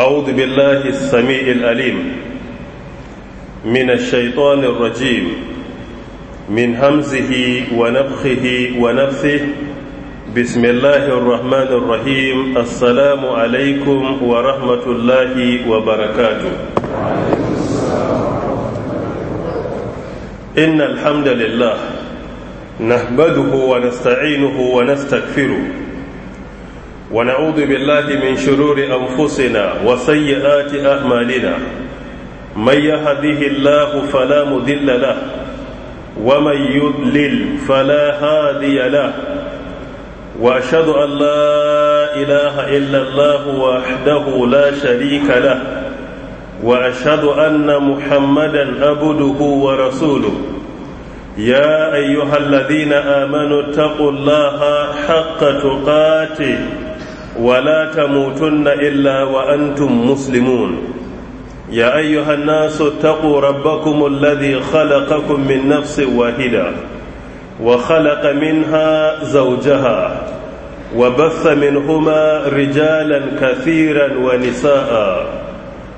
أعوذ بالله السميع الأليم من الشيطان الرجيم من همزه ونفخه ونفثه بسم الله الرحمن الرحيم السلام عليكم ورحمة الله وبركاته إن الحمد لله نحمده ونستعينه ونستغفره ونعوذ بالله من شرور أنفسنا وسيئات أعمالنا من يهده الله فلا مذل له ومن يضلل فلا هادي له وأشهد أن لا إله إلا الله وحده لا شريك له وأشهد أن محمدا أبده ورسوله يا أيها الذين آمنوا اتقوا الله حق تقاته ولا تموتن الا وانتم مسلمون يا ايها الناس اتقوا ربكم الذي خلقكم من نفس واحده وخلق منها زوجها وبث منهما رجالا كثيرا ونساء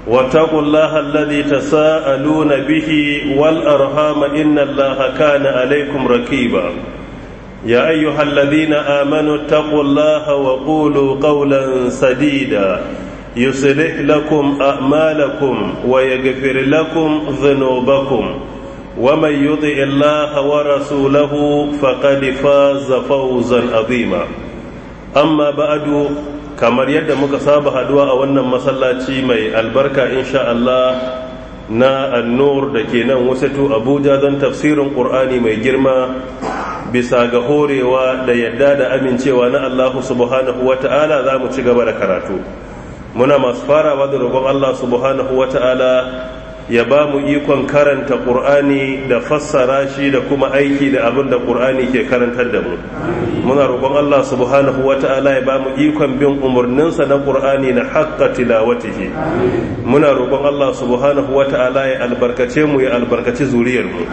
واتقوا الله الذي تساءلون به والارham ان الله كان عليكم رقيبا يا أيها الذين آمنوا اتقوا الله وقولوا قولا سديدا يصلح لكم أعمالكم ويغفر لكم ذنوبكم ومن يطع الله ورسوله فقد فاز فوزا عظيما أما بعد kamar yadda muka saba haduwa a wannan masallaci mai albarka insha Allah na annur da ke nan wasatu abuja don tafsirin ƙur'ani mai girma bisa ga horewa da yadda da amincewa na Allah subhanahu wa ta'ala za mu ci gaba da karatu muna masu farawa da roƙon Allah subhanahu wa ta'ala ya ba mu ikon karanta ƙur'ani da fassara shi da kuma aiki da abin da ƙur'ani ke karantar da mu muna roƙon allah subhanahu wa ta'ala ya ba mu ikon bin umarninsa na ƙur'ani na haƙƙa tilawatihi muna roƙon allah subhanahu wa ta'ala ya albarkace mu ya albarkaci zuriyar mu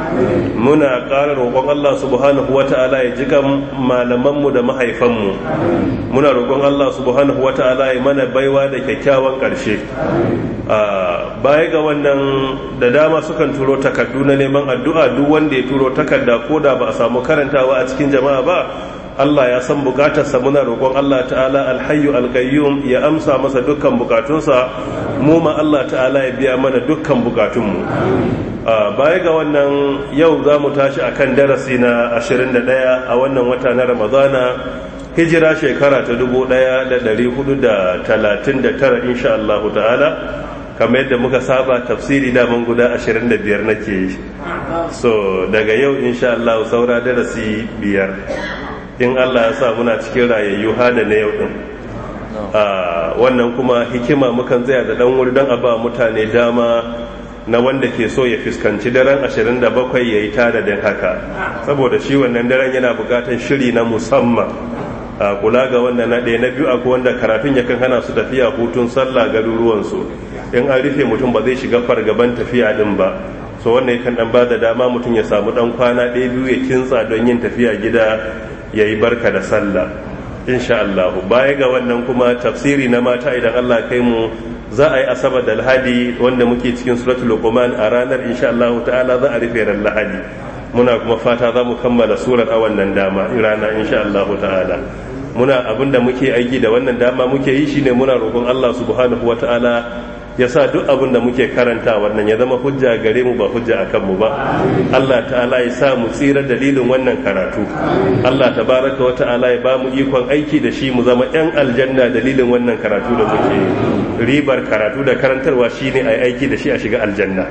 muna ƙara roƙon allah subhanahu wa ta'ala ya jika malaman mu da mahaifan mu muna roƙon allah subhanahu wa ta'ala ya mana baiwa da kyakkyawan ƙarshe ah, baya ga wannan da dama sukan turo takardu na neman addu'a duk wanda ya turo takarda ko da ba a samu karantawa a cikin jama'a ba Allah ya san bukatarsa muna roƙon Allah ta'ala alhayyu alqayyum ya amsa masa dukkan bukatunsa mu ma Allah ta'ala ya biya mana dukkan bukatunmu baya ga wannan yau za mu tashi a kan darasi na ashirin da 21 a wannan wata na Ramadana hijira shekara ta dubu da da hudu talatin 1439 insha Allah ta'ala kamar yadda muka saba tafsiri ban guda 25 nake yi so daga yau insha Allah saura darasi biyar in Allah ya sa muna cikin rayayyu hada na yau din wannan kuma hikima mukan tsaya da dan wuri don a ba mutane dama na wanda ke so ya fuskanci daren 27 ya yi da haka saboda shi wannan daren yana bukatar shiri na musamman kula ga wannan na ɗaya na biyu akwai wanda ya yakan hana su tafiya hutun sallah garuruwansu in an rufe mutum ba zai shiga fargaban tafiya din ba so wannan yakan dan ba dama mutum ya samu dan kwana ɗaya biyu ya kintsa don yin tafiya gida ya yi barka da sallah insha Allah baya ga wannan kuma tafsiri na mata idan Allah kai mu za a yi asabar da lahadi wanda muke cikin suratul luqman a ranar insha Allah ta'ala za a rufe ran lahadi muna kuma fata za mu kammala surar a wannan dama rana insha Allah ta'ala muna abinda muke aiki da wannan dama muke yi shine muna roƙon Allah subhanahu wata'ala ya sa duk abin da muke karanta wannan ya zama hujja gare mu ba hujja a kanmu ba Allah ta'ala ya sa mu tsira dalilin wannan karatu Allah ta baraka wa ta'ala ya ba mu ikon aiki da shi mu zama yan aljanna dalilin wannan karatu da muke ribar karatu da karantarwa shine ai aiki da shi a shiga aljanna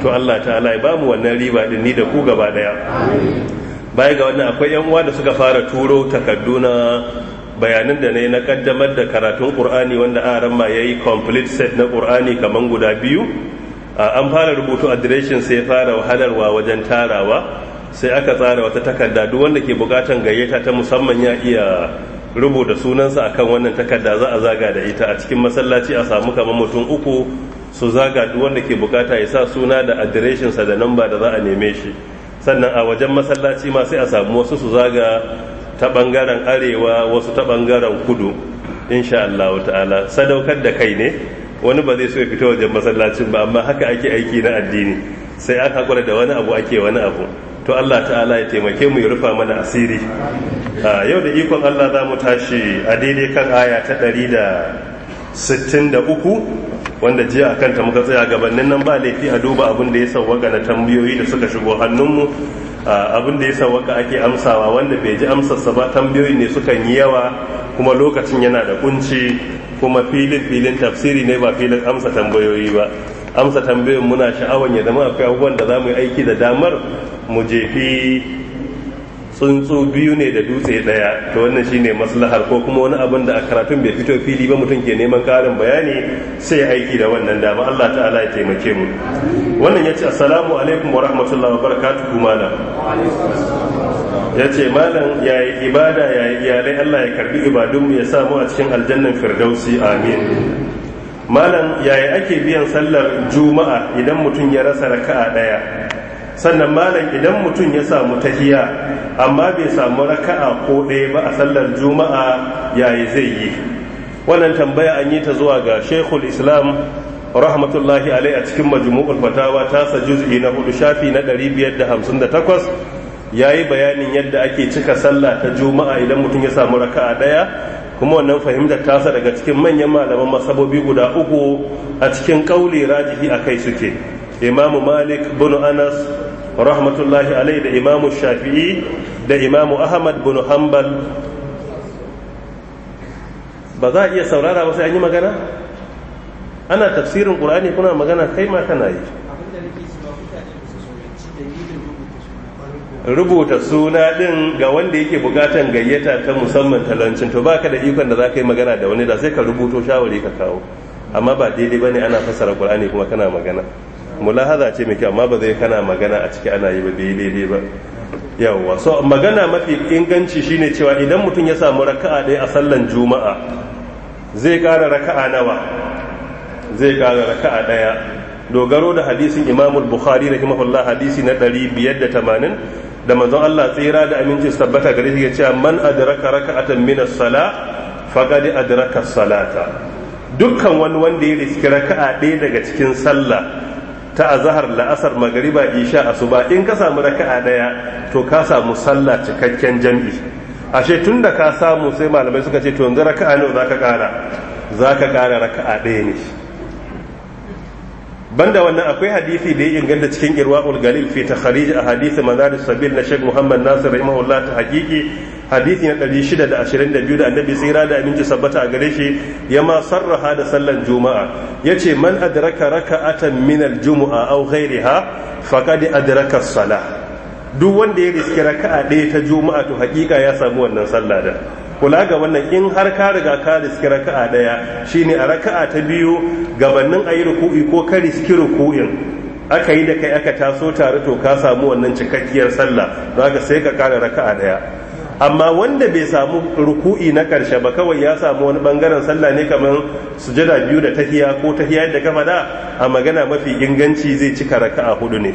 to Allah ta'ala ya ba mu wannan riba din ni da ku gaba daya baya ga wannan akwai yan uwa da suka fara turo takardu na bayanan da na yi na kaddamar da karatun ƙur'ani wanda arama ma ya yi complete set na ƙur'ani kamar guda biyu an fara rubutu adireshin sai fara wahalarwa wajen tarawa sai aka tsara wata takarda duk wanda ke bukatan gayyata ta musamman ya iya rubuta sunansa akan wannan takarda za a zaga da ita a cikin masallaci a samu kamar mutum uku su zaga duk wanda ke bukata ya sa suna da adireshinsa da namba da za a neme shi sannan a wajen masallaci ma sai a samu wasu su zaga ta bangaren arewa wasu ta bangaren kudu insha Allah ta'ala sadaukar da kai ne wani ba zai so ya fito wajen masallacin ba amma haka ake aiki na addini sai an hakura da wani abu ake wani abu to Allah ta'ala ya taimake mu ya rufa mana asiri a yau da ikon Allah za mu tashi a daidai kan aya ta da sittin 163 wanda jiya a kanta muka tsaya gabanin nan ba laifi a duba abin da ya sauwaka na tambayoyi da suka shigo hannunmu abin da ya waka ake amsawa wanda bai ji amsarsa ba tambayoyi ne sukan yi yawa kuma lokacin yana da kunci kuma filin filin tafsiri ne ba filin amsa tambayoyi ba amsa tambayoyin muna sha'awan ya zama akwai abubuwan da za mu yi aiki da damar mu jefi tsuntsu biyu ne da dutse daya to wannan shine maslahar ko kuma wani abin da a karatun bai fito fili ba mutum ke neman karin bayani sai aiki da wannan dama Allah ta'ala ya taimake mu wannan yace assalamu alaikum wa rahmatullahi wa barakatuhu malam yace malam yayi ibada yayi iyalai Allah ya karbi ibadun mu ya samu a cikin aljannan firdausi amin malam yayi ake biyan sallar juma'a idan mutum ya rasa raka'a daya sannan malam idan mutum ya samu tahiya amma bai samu raka'a ko ɗaya ba a sallar juma'a yayi zai yi wannan tambaya an yi ta zuwa ga shekul islam rahmatullahi alai a cikin majmu'ul fatawa tasa juz'i na hudu shafi na 558 yayi bayanin yadda ake cika sallah ta juma'a idan mutum ya samu raka'a ɗaya kuma wannan fahimtar tasa daga cikin manyan malaman masabobi guda uku a cikin kauli rajihi akai suke imamu malik bin anas rahmatullahi alai da imamu shafi'i da imamu ahmad bin hanbal ba za a iya saurara ba sai an yi magana ana tafsirin qur'ani kuna magana kai ma kana yi rubuta suna ɗin ga wanda yake bukatan gayyata ta musamman talancin to baka da ikon da zaka yi magana da wani da sai ka rubuto shawari ka kawo amma ba daidai ba ne ana fassara ƙur'ani kuma kana magana mulahaza ce mai kyau amma ba zai kana magana a ciki ana yi ba bai daidai ba yawwa so magana mafi inganci shine cewa idan mutum ya samu raka'a ɗaya a sallan juma'a zai ƙara raka'a nawa zai ƙara raka'a ɗaya dogaro da hadisin imamul bukhari rahimahullah hadisi na biyar da tamanin da manzon Allah tsira da aminci tabbata gare shi ya ce man adraka raka'atan min as-sala faqad adraka salata dukkan wani wanda ya riski raka'a ɗaya daga cikin sallah ta azhar la'asar magariba isha asuba in ka samu raka'a daya to ka samu sallah cikakken jam'i ashe tunda ka samu sai malamai suka ce to yanzu raka'a ne zaka kara zaka kara raka'a daya ne banda wannan akwai hadisi da ya inganta cikin irwaul galil fi hadisi ahadith madaris sabil na Sheikh Muhammad Nasir rahimahullah ta haqiqi hadisi na 622 da annabi tsira da aminci sabbata a gare shi ya ma sarraha da sallan juma'a Ya ce man adraka raka'atan min al-jumu'a aw ghayriha faqad adraka as-salah duk wanda ya riski raka'a ɗaya ta juma'a to hakika ya samu wannan sallah da kula ga wannan in har ka riga ka riski raka'a ɗaya shine a raka'a ta biyu gabanin ayi ruku'i ko ka riski ruku'in aka yi da kai aka taso tare to ka samu wannan cikakkiyar sallah don haka sai ka kara raka'a daya amma wanda bai samu ruku'i na karshe ba kawai ya samu wani bangaren sallah ne kamar sujada biyu da tahiya ko tahiya da kafa da a magana mafi inganci zai cika raka'a hudu ne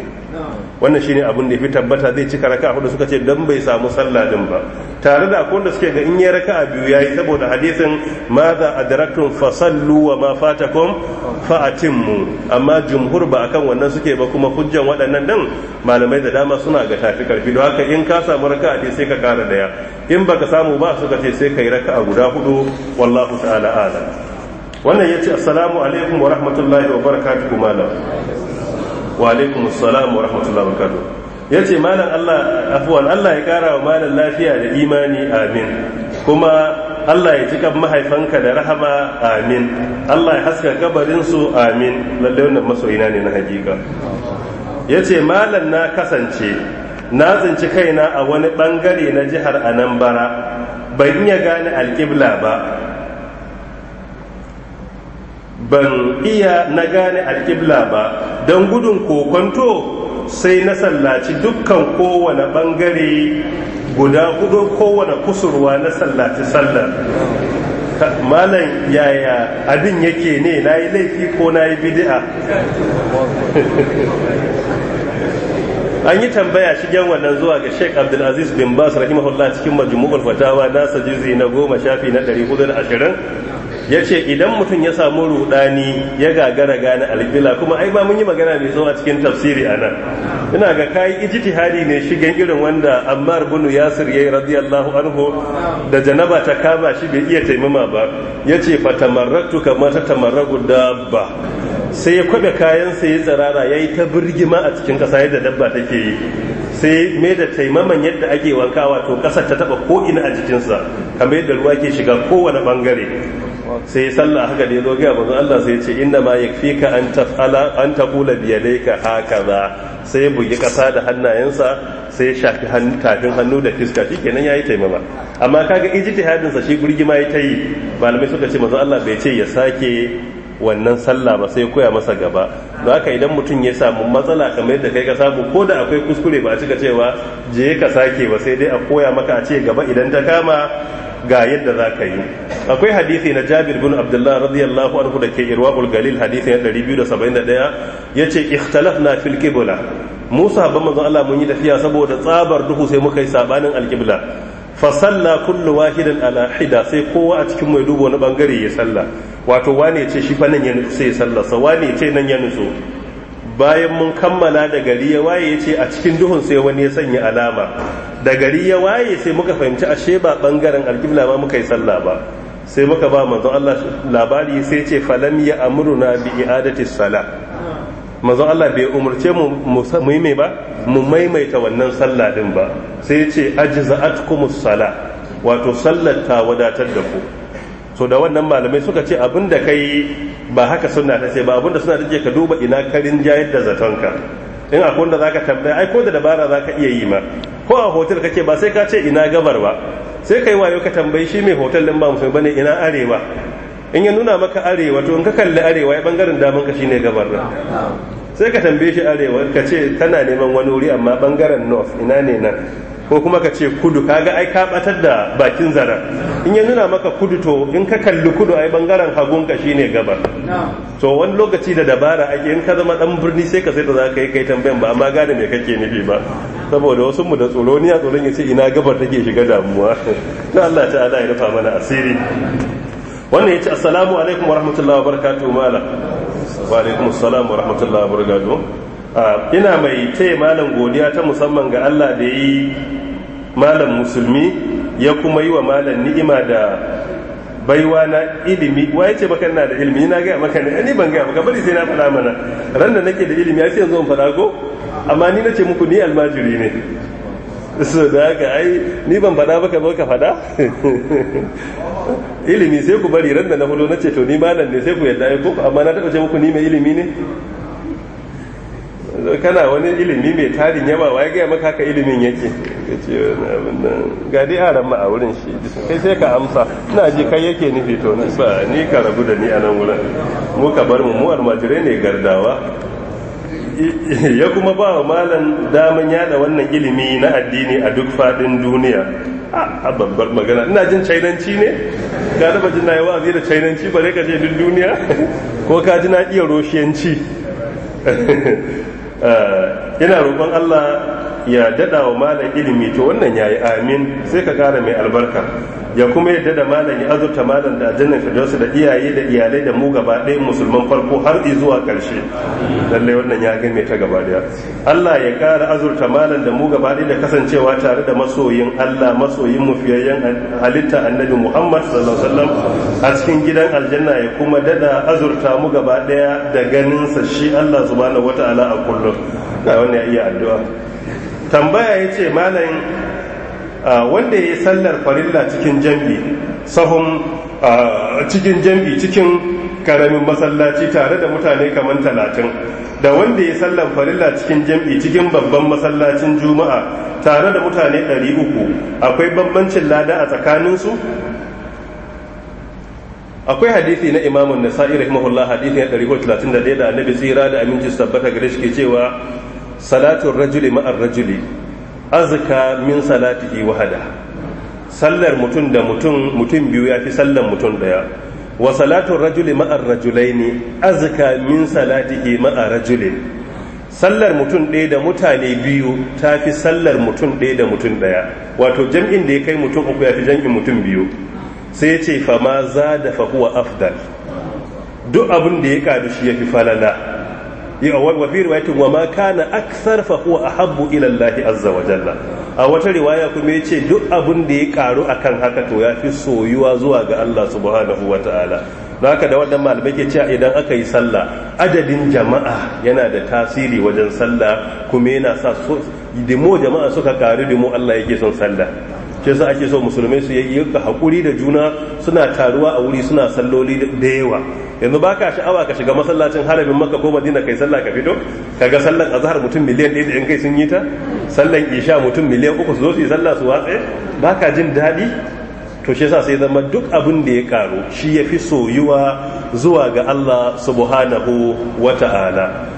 wannan shine abin da ya fi tabbata zai cika raka'a hudu suka ce dan bai samu sallah din ba tare da akwai da suke ga in ya raka'a biyu yayi saboda hadisin ma za daraktan fasallu wa ma fatakum fa amma jumhur ba akan wannan suke ba kuma hujjan waɗannan din malamai da dama suna ga tafi karfi don haka in ka samu raka'a dai sai ka kara daya in baka samu ba suka ce sai ka yi raka'a guda hudu wallahu ta'ala alam wannan yace assalamu alaikum wa rahmatullahi wa barakatuhu malam wa alaikum assalam wa rahmatullahi wa barakatuh yace malam Allah afwan Allah ya kara wa malam lafiya da imani amin kuma Allah ya jika mahaifanka da rahama amin Allah ya haska kabarin su amin lalle wannan masoyina ne na hakika yace malam na kasance na tsinci kaina a wani bangare na jihar Anambra ban iya gane alƙibla ba ban iya na gane alƙibla ba don gudun kokonto sai na sallaci dukkan kowane bangare guda hudu kowane kusurwa na sallaci sallar malam yaya abin yake ne na yi laifi ko na yi bidi'a an yi tambaya shi wannan zuwa ga sheik abdulaziz bin bas rahimahullah cikin majmu'ul fatawa nasa juzi na goma shafi na 420 ya ce idan mutum ya samu rudani ya gagara gane alƙibla kuma ai ba mun yi magana mai tsawo a cikin tafsiri a nan ina ga kayi ijtihadi ne shigen irin wanda ammar bin yasir yayi radiyallahu anhu da janaba ta kama shi bai iya taimama ba yace fatamarratu kamar ta tamarragu dabba sai ya kwabe kayansa ya tsirara ya yi ta birgima a cikin ƙasa yadda dabba take yi sai mai da taimaman yadda ake wanka wato ƙasar ta taɓa ina a jikinsa kamar yadda ruwa ke shiga kowane ɓangare sai sallah haka da ya zo gaya manzo Allah sai ya ce inda ma ya an taf'ala an da ka haka za sai bugi kasa da hannayensa sai shafi tafin hannu da fiska ya yi taimama amma kaga ijtihadin sa shi ya ta tayi malamai suka ce manzo Allah bai ce ya sake wannan sallah ba sai koya masa gaba don haka idan mutum ya samu matsala kamar yadda kai ka samu ko da akwai kuskure ba a cika cewa je ka sake ba sai dai a koya maka a ce gaba idan ta kama ga yadda za ka yi akwai hadisi na jabir bin abdullah radiyallahu anhu da ke Irwa galil hadisi na 271 yace na fil qibla musa ban mazan Allah mun yi tafiya saboda tsabar duhu sai muka yi sabanin alkibla fasalla kullu wahidan ala hida sai kowa a cikin mai dubo na bangare ya salla wato wane ce shi fa ya nutsu sai ya salla sa wane ce nan ya nutsu bayan mun kammala da gari ya waye ce a cikin duhun sai wani ya sanya alama da gari ya waye sai muka fahimci ashe ba bangaren alkibla ba muka yi sallah ba sai muka ba manzon Allah labari sai ce falam ya amruna bi i'adati sala manzon Allah bai umarce mu mu mai ba mu maimaita wannan sallah din ba sai ya ce ajza'atkumus sala wato sallar ta wadatar da ku so da wannan malamai suka ce abin da kai ba haka suna ta ce ba abin da suna ta ce ka duba ina karin jayar da zatonka in kunda za ka tambaya ai ko da dabara za ka iya yi ma ko a hotel kake ba sai ka ce ina gabar ba sai kai wayo ka tambayi shi mai hotel din ba musulmi bane ina arewa in ya nuna maka arewa to in ka kalli arewa ya bangaren daman ka shine gabar da sai ka tambaye shi arewa ka ce kana neman wani wuri amma bangaren north ina ne nan ko kuma ka ce kudu kaga ai ka batar da bakin zara in ya nuna maka kudu to in ka kalli kudu ai bangaren hagun ka shine gabar to wani lokaci da dabara ake in ka zama dan birni sai ka sai da za ka yi kai tambayan ba amma gane me kake nufi ba saboda wasu mu da tsoro ni a tsoron ya ce ina gabar take shiga damuwa na Allah ala ya rufa mana asiri wannan ya assalamu alaikum wa rahmatullahi wa barakatuhu mala wa alaikum assalam wa rahmatullahi wa barakatuhu Ah, ina mai taya malam godiya ta musamman ga Allah da yi malam musulmi ya kuma yi wa malam ni'ima da baiwa na ilimi wa ya ce maka na da ilimi na gaya maka ni ban gaya maka bari sai na faɗa mana ran da nake da ilimi ya ce yanzu in faɗa ko amma ni nace muku ni almajiri ne so da haka ai ni ban faɗa baka zo ka faɗa ilimi sai ku bari ran da na hudu nace to ni malam ne sai ku yadda ai ko amma na taɓa ce muku ni mai ilimi ne kana wani ilimi mai tarin yawa wa ya gaya maka haka ilimin yake ka ce ga dai aran ma a wurin shi kai sai ka amsa ina ji kai yake nufi to ni ba ni ka rabu da ni a nan wurin mu ka bar mu mu almajirai ne gardawa ya kuma ba wa malam daman yada wannan ilimi na addini a duk fadin duniya a babbar magana ina jin chainanci ne ka ba jin nayi wa'azi da chainanci bare ka je duk duniya ko ka ji na iya roshiyanci yana eh, roƙon Allah ya dada wa malam ilimi to wannan ya yi amin sai ka kara mai albarka ya kuma ya dada malam ya azurta malam da a firdausi da iyaye da iyalai da mu gaba ɗaya musulman farko har zuwa ƙarshe lalle wannan ya gane ta gaba daya Allah ya kara azurta malam da mu gaba ɗaya da kasancewa tare da masoyin Allah masoyin mu halitta annabi Muhammad sallallahu alaihi wasallam a cikin gidan aljanna ya kuma dada azurta mu gaba ɗaya da ganinsa sa shi Allah subhanahu wataala a kullum ga wannan ya iya addu'a tambaya ya ce malayin wanda ya yi sallar farilla cikin jambi sahun cikin jambi cikin karamin masallaci tare da mutane kamar talatin da wanda ya sallar farilla cikin jam'i cikin babban masallacin juma'a tare da mutane 300 akwai bambancin lada a tsakaninsu akwai hadithi na imamun nasa'i rahimahullah hadithi na 131 da annabi tsira da aminci tabbata gare shi ke cewa salatun rajuli ma'ar rajuli azuka min salatihi wahada sallar mutum da mutum mutum biyu ya fi sallar mutum daya wa salatun rajuli ma'ar rajulaini azuka min salatihi ma'a rajuli. sallar mutum ɗaya da mutane biyu ta fi sallar mutum ɗaya da mutum ɗaya wato jam'in da ya kai mutum uku ya fi jam'in mutum biyu sai ya ce fama za da fahuwa afdal duk abin da ya kadu shi ya fi falala wa fi riwayatin wa ma kana akthar fa huwa ahabbu ila Allah azza wa jalla a wata riwaya kuma ya ce duk abin da ya karu akan haka to yafi soyuwa zuwa ga Allah subhanahu wa ta'ala haka da wannan malamai ke cewa idan aka yi sallah adadin jama'a yana da tasiri wajen sallah kuma yana sa dimo jama'a suka karu dimo Allah yake son sallah shi yasa ake so musulmai su yi hakuri da juna suna taruwa a wuri suna salloli da yawa yanzu ba ka sha'awa ka shiga masallacin harabin maka ko madina kai sallah ka fito ga sallan azhar mutum miliyan ɗaya da yan kai sun yi ta sallan isha mutum miliyan uku su zo su yi sallah su watse ba ka jin daɗi to shi yasa sai zama duk abin da ya karu shi ya fi soyuwa zuwa ga Allah subhanahu wa ta'ala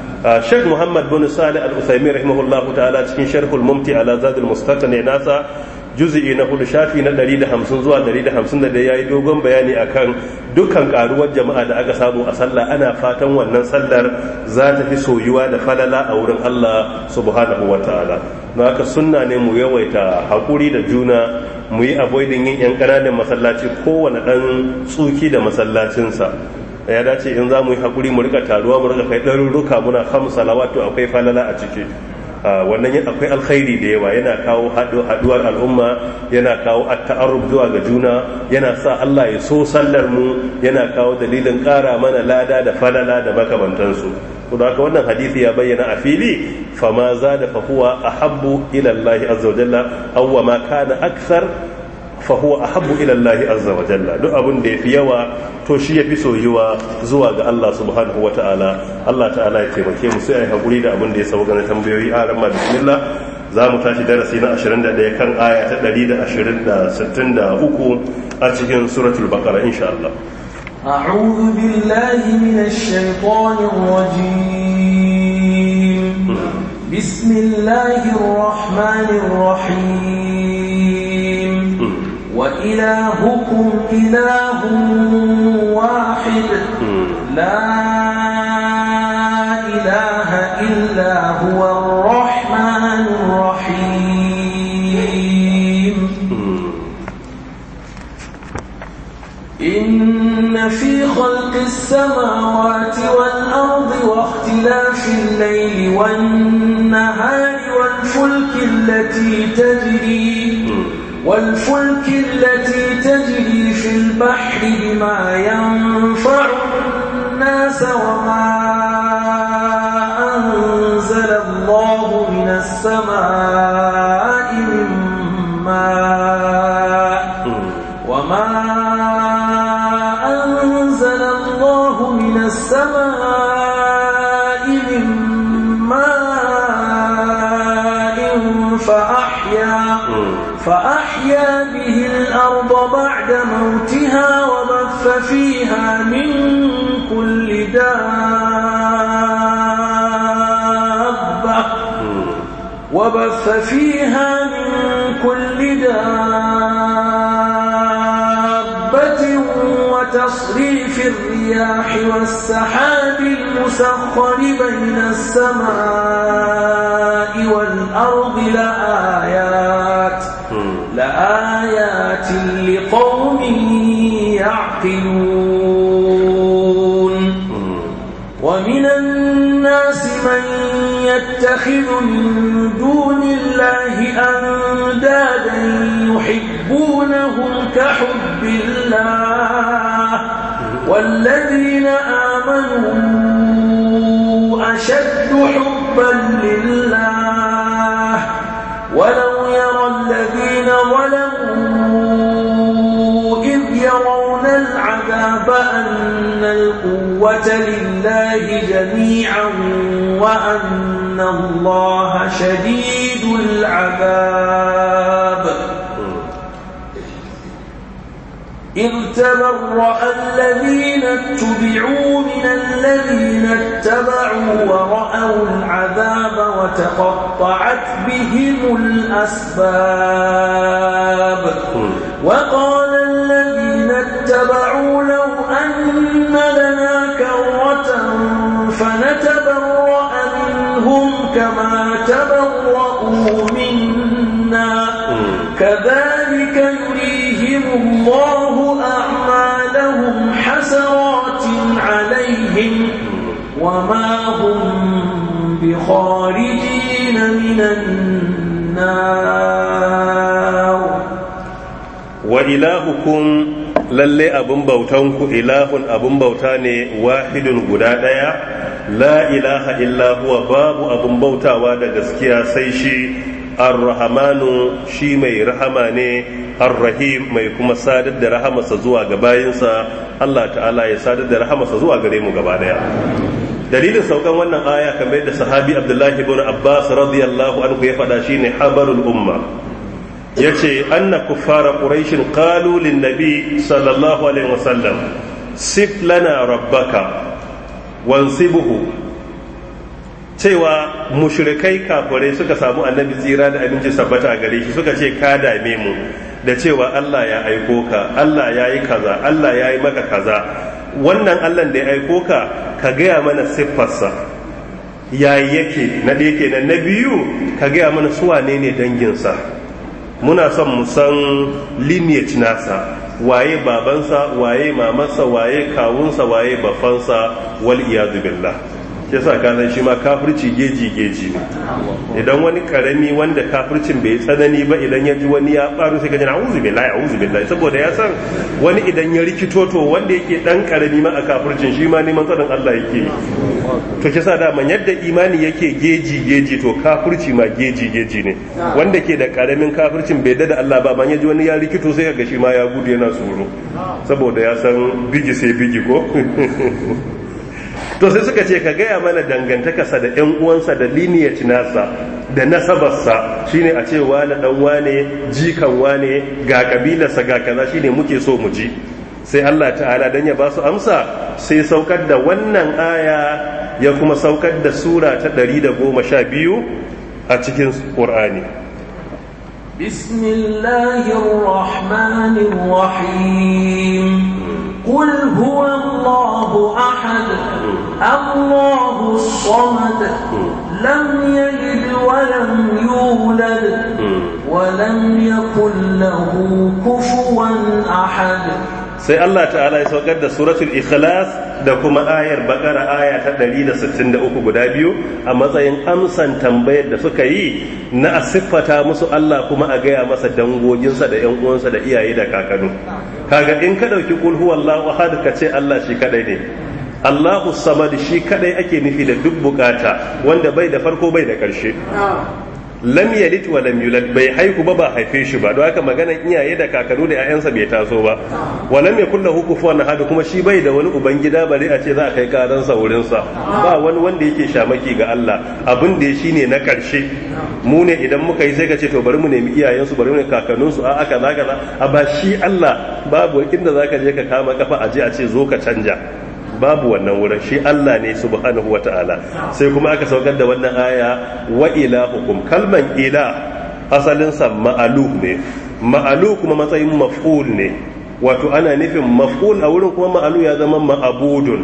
Sheikh Muhammad bin Salih Al-Uthaymeen rahimahullahu ta'ala cikin sharhul mumti ala zadul mustaqni nasa juz'i na hudu shafi na 150 zuwa 150 da yayi dogon bayani akan dukkan karuwar jama'a da aka samu a sallah ana fatan wannan sallar za ta fi soyuwa da falala a wurin Allah subhanahu wataala na haka sunna ne mu yawaita hakuri da juna mu yi avoiding yin yan kananan masallaci kowane ɗan tsuki da masallacinsa ya dace in za mu yi hakuri mu rika taruwa mu rika kai ɗarurruka muna hamsa lawatu akwai falala a ciki wannan yin akwai alkhairi da yawa yana kawo haɗuwar al'umma yana kawo atta'arruf zuwa ga juna yana sa Allah ya so sallar mu yana kawo dalilin ƙara mana lada da falala da makamantansu kuma haka wannan hadisi ya bayyana a fili fama za da fahuwa a habbu ilallahi azza wa jalla awwa ma kana aksar Fahuwa a ahabbu ilallahi azza wa jalla duk abin da yafi yawa to shi yafi soyuwa zuwa ga Allah subhanahu wa ta'ala Allah ta'ala ya taimake mu sai yi hakuri da abin da ya sauka na tambayoyi a ramma bismillah za mu tashi darasi na 21 kan aya ta 163 a cikin suratul baqara insha Allah أعوذ بالله من الشيطان الرجيم بسم الله الرحمن وإلهكم إله واحد لا إله إلا هو الرحمن الرحيم إن في خلق السماوات والأرض واختلاف الليل والنهار والفلك التي تجري والفلك التي تجري في البحر بما ينفع الناس وما أنزل الله من السماء وبث فيها من كل دابة وتصريف الرياح والسحاب المسخر بين السماء والأرض لآيات لآيات لقوم يعقلون يتخذ من دون الله أندادا يحبونهم كحب الله والذين آمنوا أشد حبا لله ولو يرى الذين ظلموا إذ يرون العذاب أن القوة القوة لله جميعا وأن الله شديد العذاب إذ تبرأ الذين اتبعوا من الذين اتبعوا ورأوا العذاب وتقطعت بهم الأسباب وقال الذين اتبعوا كما تبرؤوا منا كذلك يريهم الله أعمالهم حسرات عليهم وما هم بخارجين من النار وإلهكم lalle abin bautanku ilahun abin bauta ne wahidun guda ɗaya la ilaha illa huwa babu abun bautawa da gaskiya sai shi ar-rahmanu shi mai rahama ne ar-rahim mai kuma sadar da rahamarsa zuwa ga bayinsa Allah ta'ala ya sadar da rahamarsa zuwa gare mu gaba daya dalilin saukan wannan aya kamar da sahabi Abdullahi ibn Abbas radiyallahu anhu ya faɗa shine habarul umma yace anna kuffara quraish qalu lin nabi sallallahu alaihi wasallam sif lana rabbaka wansibuhu cewa mushrikai kafirai suka samu annabi tsira da abinci sabbata a gare shi suka ce ka dame mu da cewa Allah ya aiko ka Allah ya yi kaza Allah ya yi maka kaza wannan Allah da ya aiko ka ka gaya mana siffarsa ya yake na da kenan na biyu ka gaya mana suwa ne ne danginsa muna son mu san lineage nasa waye babansa waye mamansa waye kawunsa waye bafansa wal iyadu billah shi sa ka zan shi ma kafirci geji geji ne idan wani karami wanda kafircin bai tsanani ba idan ya ji wani ya baro sai ka ji a'udhu billahi a'udhu billahi saboda ya san wani idan ya rikito to wanda yake dan karami ma a kafircin shi ma neman tsarin Allah yake to shi sa dama yadda imani yake geji geji to kafirci ma geji geji ne wanda ke da karamin kafircin bai dada Allah ba man ya ji wani ya rikito sai ka ga shi ma ya gudu yana tsoro saboda ya san bigi sai bigi ko to sai suka ce ka gaya mana dangantakarsa da yan uwansa da lineage nasa da nasabarsa shine a ce wane dan wane jikan wane ga kabilarsa ga kaza shine muke so mu ji sai Allah ta'ala dan ya ba su amsa sai saukar da wannan aya ya kuma saukar da sura ta 112 a cikin Qur'ani Bismillahir Rahmanir Rahim Qul الله الصمد لم يلد ولم يولد ولم يكن له كفوا أحد sai Allah ta'ala ya saukar da suratul ikhlas da kuma ayar bakara aya ta 163 guda biyu a matsayin amsan tambayar da suka yi na a siffata musu Allah kuma a gaya masa dangoginsa da yan uwansa da iyaye da kakanu kaga in ka dauki kul huwallahu ahad ka ce Allah shi kadai ne Allahu samad shi kadai ake nufi da duk bukata wanda bai da farko bai da karshe lam yalid wa lam yulad bai haihu ba ba haife shi ba don haka magana iyaye da kakanu da ƴaƴansa bai taso ba wa lam yakul lahu kufuwan hadu kuma shi bai da wani ubangida bare a ce za a kai karan sa wurin sa ba wani wanda yake shamaki ga Allah abin da ne na karshe mu ne idan muka yi sai ka ce to bari mu nemi iyayen su bari mu nemi kakanun su a aka za a ba shi Allah babu inda zaka je ka kama kafa a je a ce zo ka canja babu wannan wurin shi Allah ne subhanahu ta'ala sai kuma aka saukar da wannan aya wa ilahukum kalman ila asalinsa ma'aluh ne ma'aluh kuma matsayin maf'ul ne wato ana nufin maf'ul a wurin kuma ma'alu ya zama ma'abudun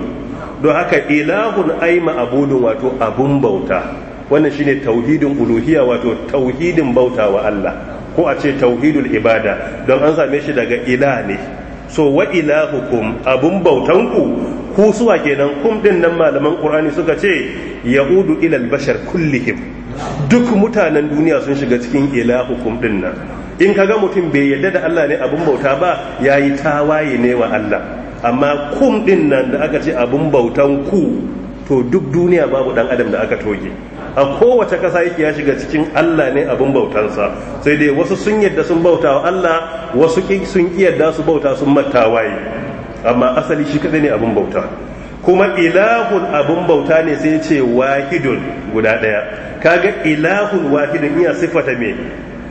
don haka ilahun ai ma'abudun wato abun bauta wannan shine tauhidin uluhiyya wato tauhidin bauta wa Allah ko a ce tauhidul ibada don an same shi daga ila ne so wa ilahukum abun bautanku ku suwa kenan kum din nan malaman qur'ani suka ce ya'udu ilal bashar kullihim duk mutanen duniya sun shiga cikin ilahukum din nan in kaga mutum bai yadda da Allah ne abun bauta ba yayi tawaye ne wa Allah amma kum din nan da aka ce abin bautan ku to duk duniya babu dan adam da aka toge a kowace ƙasa yake ya shiga cikin Allah ne abin bautansa sai dai wasu sun yadda sun bauta wa Allah wasu sun yadda su bauta sun mattawaye amma asali shi kadai ne abin bauta kuma ilahun abin bauta ne sai ce wahidun guda daya kaga ilahun wahidun iya sifata me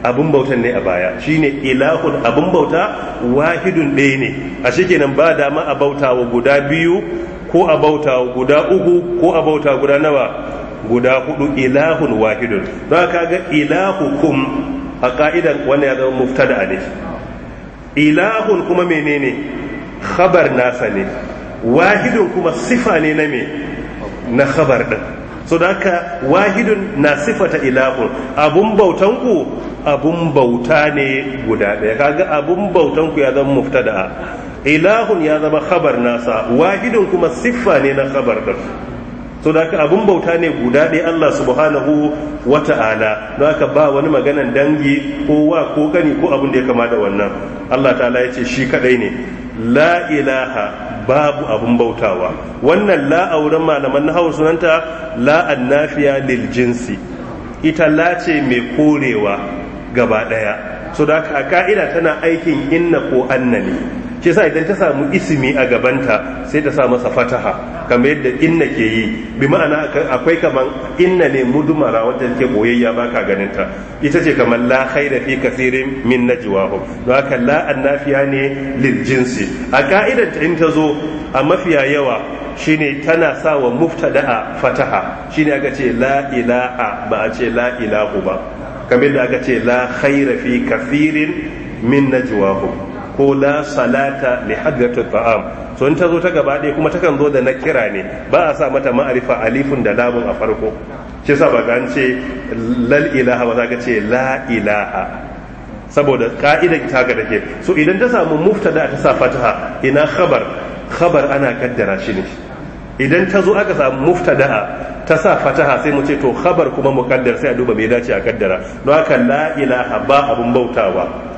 abin bautan ne a baya shine ilahun abin bauta wahidun ɗaya ne a kenan ba dama a wa guda biyu ko a wa guda uku ko a bauta guda nawa guda hudu ilahun wahidun don kaga ilahukum a ka'idan wannan ya zama muftada ne ilahun kuma menene khabar nasa ne wahidun kuma sifa ne na me na khabar din so da haka wahidun na sifata ilahun abun bautan ku abun bauta ne guda daya kaga abun bautan ku ya zama muftada ilahun ya zama khabar nasa wahidun kuma sifa ne na khabar din so da haka abun bauta ne guda ɗaya Allah subhanahu wa ta'ala don haka ba wani maganan dangi ko wa ko gani ko abun da ya kama da wannan Allah ta'ala ya ce shi kadai ne la ilaha babu abun bautawa wannan la auren malaman na hawa sunanta la annafiya lil jinsi ita la ce mai korewa gaba daya so da a ka'ida tana aikin inna ko annani shi yasa idan ta samu ismi a gabanta sai ta sa masa fataha kamar yadda inna ke yi bi ma'ana akwai kaman inna ne mudumara wanda ke boyayya baka ka ganin ta ita ce kamar la khaira fi kasirin min najwahu don haka la annafiya ne lil jinsi a ka'idar ta in ta zo a mafiya yawa shine tana sa wa muftada'a fataha shine aka ce la ilaha ba a ce la ilahu ba kamar yadda aka ce la khaira fi kasirin min najwahu ko la salata li hadratu ta'am so in ta zo ta gaba ɗaya kuma takan zo da na kira ne ba a sa mata ma'arifa alifun da lamun a farko shi sa ba an ce lal ilaha ba za ka ce la ilaha saboda ka'ida ta ga take so idan ta samu muftada ta sa fataha ina khabar khabar ana kaddara shi ne idan ta zo aka samu muftada ta sa fataha sai mu ce to khabar kuma mukaddar sai a duba me dace a kaddara don haka la ilaha ba abun bautawa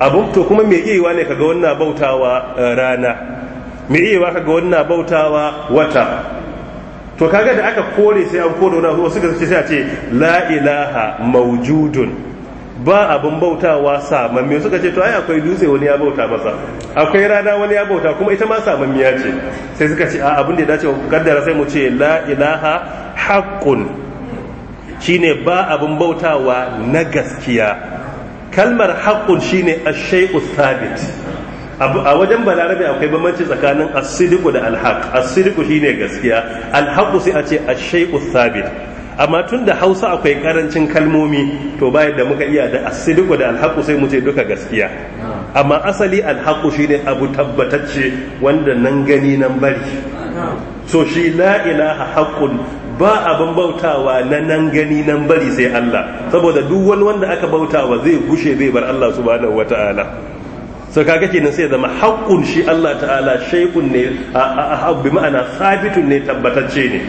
abu to kuma mai iyawa ne kaga wannan bautawa eh, rana mai iyawa kaga wannan bautawa wata to kaga da aka kore sai an kore wani wasu ce sai a ce la ilaha maujudun ba abin bautawa samamme suka ce to ai akwai dutse wani ya bauta masa akwai rana wani ya bauta kuma ita ma samammiya ce sai suka ce a abin da ya dace kaddara sai mu ce la ilaha haqqun shine ba abin bautawa na gaskiya kalmar haƙƙun shine a shayu sabit a wajen balarabe akwai bambanci tsakanin asiriku da alhaq asiriku shi ne shine gaskiya al sai a ce a shayu sabit amma tun da hausa akwai karancin kalmomi to bayan da muka iya da asidiku da alhaku sai mu ce duka gaskiya amma asali shi shine abu tabbatacce wanda nan gani nan bari so shi la ilaha haƙƙun. ba abin bautawa na nan gani nan bari sai Allah saboda duk wani wanda aka bautawa zai gushe zai bar Allah subhanahu wataala so kaga kenan sai zama haƙƙun shi Allah ta'ala shaikun ne a bi ma'ana sabitun ne tabbatacce ne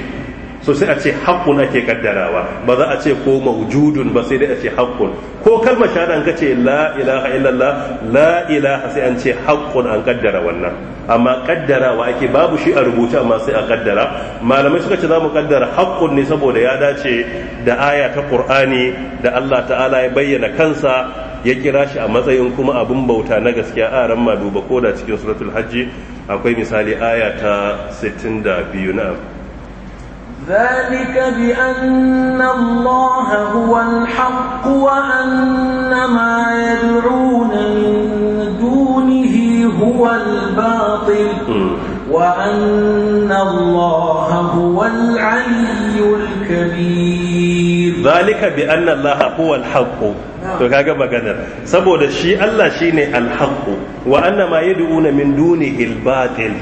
so sai a ce haƙƙun ake ƙaddarawa ba za a ce ko maujudun ba sai dai a ce haƙƙun ko kalmar shahada an kace la ilaha illallah la ilaha sai an ce haƙƙun an ƙaddara wannan amma ƙaddarawa ake babu shi a rubuce amma sai a ƙaddara malamai suka ce za mu ƙaddara haƙƙun ne saboda ya dace da aya ta ƙur'ani da Allah ta'ala ya bayyana kansa ya kira shi a matsayin kuma abin bauta na gaskiya a ran ma duba ko da cikin suratul hajji akwai misali aya ta 62 na ذلك بأن الله هو الحق وأن ما يدعون من دونه هو الباطل وأن الله هو العلي الكبير ذلك بأن الله هو الحق to kaga maganar saboda shi Allah shine alhaq wa annama yad'una min dunihi albatil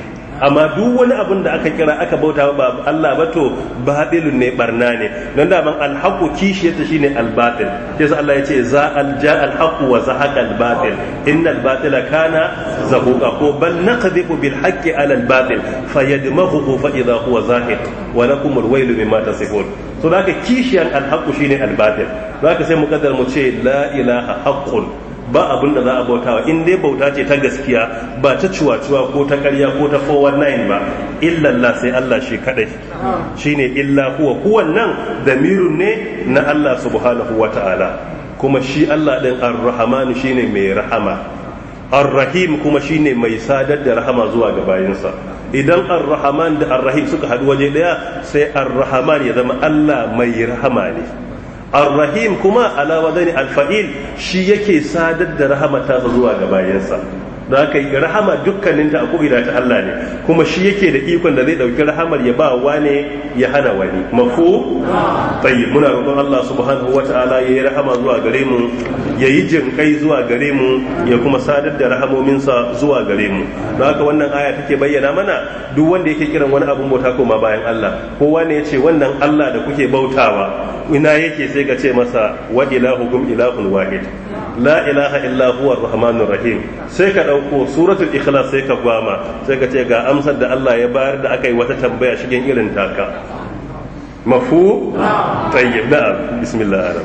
amma duk wani abin da aka kira aka bauta ba Allah ba to batilun ne barna ne don da ban alhaqu kishiyarta shine albatil sai sa Allah ya ce za alja alhaqu wa zahaqa albatil innal batila kana zahuqa ko bal naqdhu bil haqqi ala albatil fayadmaghu fa idha huwa zahiq wa lakum alwaylu bima tasifun to da ka kishiyan alhaqu shine albatil zaka sai mu kaddar mu ce la ilaha haqqun ba abin da za a bautawa in dai bauta ce ta gaskiya ba ta cuwa-cuwa ko ta karya ko ta 419 ba illallah sai Allah shi kadai shine illa huwa huwan nan damirun ne na Allah subhanahu ta'ala kuma shi Allah din ar shi shine mai rahama ar-rahim kuma shine mai sadar da rahama zuwa ga bayinsa idan ar-rahman da ar-rahim suka haɗu waje ɗaya, sai ar-rahman ya zama Allah mai rahama ne ar-rahim kuma alawadani wadani al-fa'il shi yake sadar da rahama ta zuwa ga bayansa da yi rahama dukkaninta a ko'ina ta Allah ne kuma shi yake da ikon da zai dauki rahamar ya ba wane ya hana wani mafu tayyib muna roƙon Allah subhanahu wataala ya yi rahama zuwa gare mu ya yayi jinkai zuwa gare mu ya kuma sadar da rahamomin rahamominsa zuwa gare mu da haka wannan aya take bayyana mana duk wanda yake kiran wani abun bauta koma bayan Allah kowa ne ya ce wannan Allah da kuke bautawa ina yake sai ka ce masa wa ilahukum ilahun wahid la ilaha illa huwa rahmanur rahim sai ka dauko suratul ikhlas sai ka gwama sai ka ce ga amsar da Allah ya bayar da aka yi wata tambaya shigen irin taka mafu tayyib na'am bismillah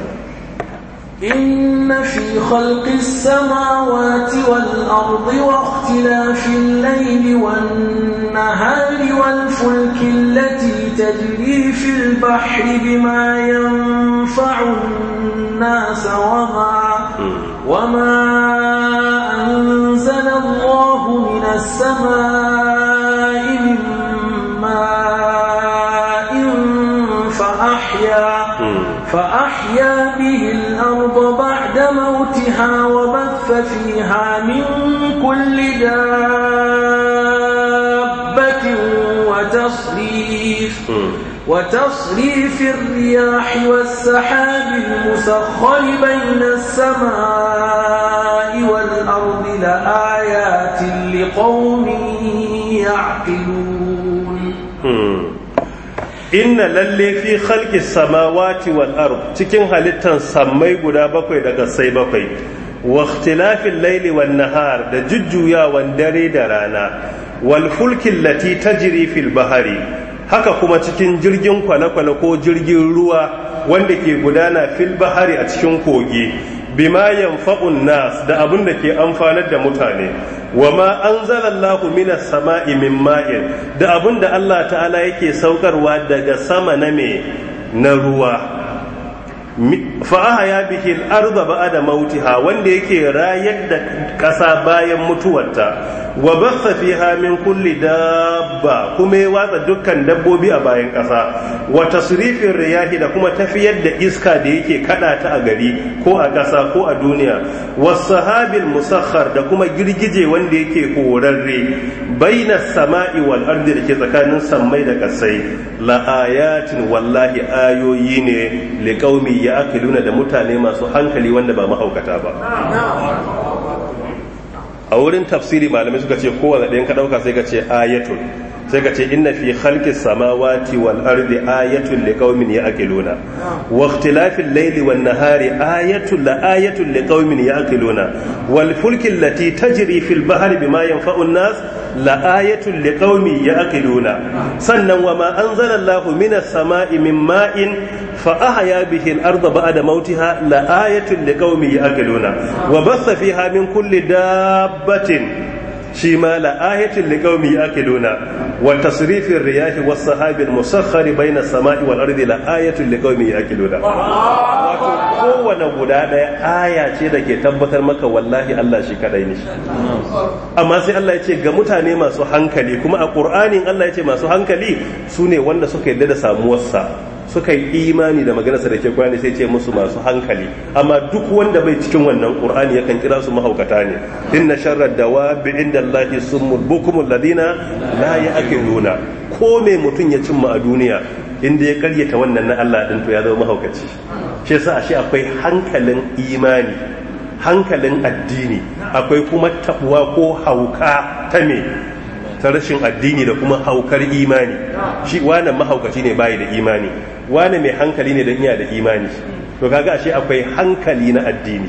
إن في خلق السماوات والأرض واختلاف الليل والنهار والفلك التي تجري في البحر بما ينفع الناس وما, وما أنزل الله من السماء من ماء فأحيا, فأحيا الأرض بعد موتها وبث فيها من كل دابة وتصريف وتصريف الرياح والسحاب المسخر بين السماء والأرض لآيات لقوم يعقلون inna lalle fi khalqi samawati wal ard cikin halittan sammai guda bakwai daga sai bakwai wa ikhtilafil layli wan nahar da jujjuyawan dare da rana wal fulkin lati tajri fil bahari haka kuma cikin jirgin kwale-kwale ko jirgin ruwa wanda ke gudana fil bahari a cikin kogi bima yanfa'un nas da abin da ke amfanar da mutane wa ma anzalallahu minas sama'i min ma'in da abin da Allah ta'ala yake saukarwa daga sama na me na ruwa fa'aha ya bihi al'arba ba'a da mautiha wanda yake rayar da ƙasa bayan mutuwarta wa basa fiha min kulli dabba kuma ya watsa dukkan dabbobi a bayan ƙasa wa tasrifin riyahi da kuma tafiyar da iska da yake kada ta a gari ko a ƙasa ko a duniya wa sahabil musakhar da kuma girgije wanda yake horarre baina sama'i wal ardi da ke tsakanin sammai da ƙasai la ayatin wallahi ayoyi ne qaumi akiluna da mutane masu hankali wanda ba mahaukata ba a wurin tafsiri malamai suka ce kowane ɗayan ka ɗauka sai ka ce ayatul sai ka ce inna fi khalqis samawati wal ardi ayatun liqaumin ya'qiluna wa ikhtilafil layli wan nahari ayatun la ayatun liqaumin ya'qiluna wal fulki allati tajri fil bahri bima yanfa'u an-nas la'ayatul liqaumi yaqiluna sannan wa ma anzalallahu minas sama'i min ma'in fa ahya bihi al-ardha ba'da mautiha la'ayatun liqaumi yaqiluna wa bassa fiha min kulli dabbatin shi ma la'ayatin liqaumi yaqiluna wa tasrifir riyah was sahabil musakhkhar baina samai wal ardi la'ayatin liqaumi yaqiluna wato kowane guda daya aya ce da ke tabbatar maka wallahi Allah shi kadai ne amma sai Allah ya ce ga mutane masu hankali kuma a Qur'anin Allah ya ce masu hankali su ne wanda suka yarda da samuwarsa suka yi imani da maganarsa da ke kwani sai ce musu masu hankali amma duk wanda bai cikin wannan qur'ani yakan kira su mahaukata ne inna sharrad dawabi inda allahi summul bukumul ladina la ya'qiluna ko me mutun ya cimma a duniya inda ya karyata wannan na Allah din to ya zama mahaukaci shi yasa ashe akwai hankalin imani hankalin addini akwai kuma tabuwa ko hauka ta me ta rashin addini da kuma haukar imani shi wannan mahaukaci ne bai da imani wane mai hankali ne don iya da imani to kaga ashe akwai hankali na addini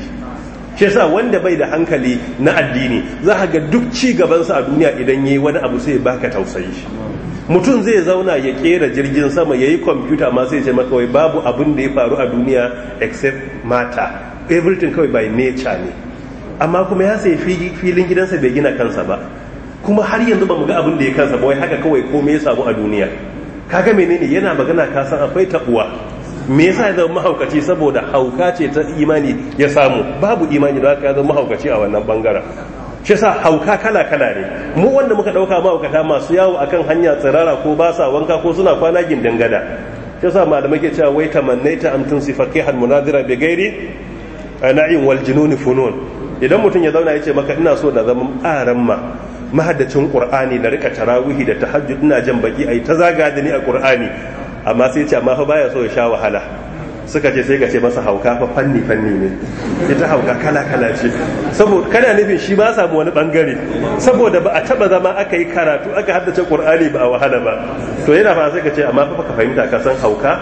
shi yasa wanda bai da hankali na addini za a ga duk ci gabansa a duniya idan yayi wani abu sai ba ka tausayi mutum zai zauna ya kera jirgin sama yayi kwamfuta ma sai ce maka babu abin da ya faru a duniya except mata everything kawai by nature ne amma kuma ya sai filin gidansa bai gina kansa ba kuma har yanzu ba mu ga abin da ya kansa ba wai haka kawai komai ya samu a duniya kaga menene yana magana ka san akwai tabuwa me yasa ya zama mahaukaci saboda hauka ce ta imani ya samu babu imani da ka zama mahaukaci a wannan bangaren shi sa hauka kala kala ne mu wanda muka dauka mahaukata masu yawo akan hanya tsirara ko ba sa wanka ko suna kwana gindin gada shi sa malamai ke cewa wai tamannaita amtun hal munadira bi ghairi yin wal junun funun idan mutum ya zauna ya ce maka ina so na zama aran ma mahaddacin ƙur'ani na rika tarawihi da tahajjud ina jan baki ai ta zaga da ni a ƙur'ani amma sai ce amma fa baya so ya sha wahala suka ce sai ka ce masa hauka fa fanni fanni ne ita hauka kala kala ce saboda kana nufin shi ba samu wani bangare saboda ba a taba zama aka yi karatu aka haddace ƙur'ani ba a wahala ba to yana fa sai ka ce amma fa ka fahimta ka san hauka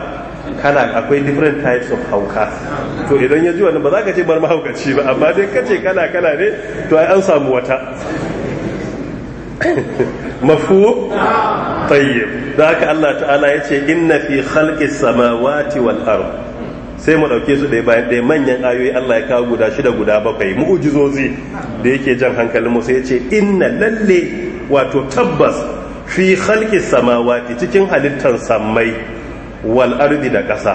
kana akwai different types of hauka to idan ya ji wani ba za ka ce bar mahaukaci ba amma dai kace kala kala ne to ai an samu wata mafu tayyib da haka Allah ta'ala ya ce inna fi khalqis samawati wal ard sai mu dauke su ɗaya bayan ɗaya manyan ayoyi Allah ya kawo guda shida guda bakwai mu'ujizozi da yake jan hankalin mu sai ya ce inna lalle wato tabbas fi khalqis samawati cikin halittar sammai wal ardi da ƙasa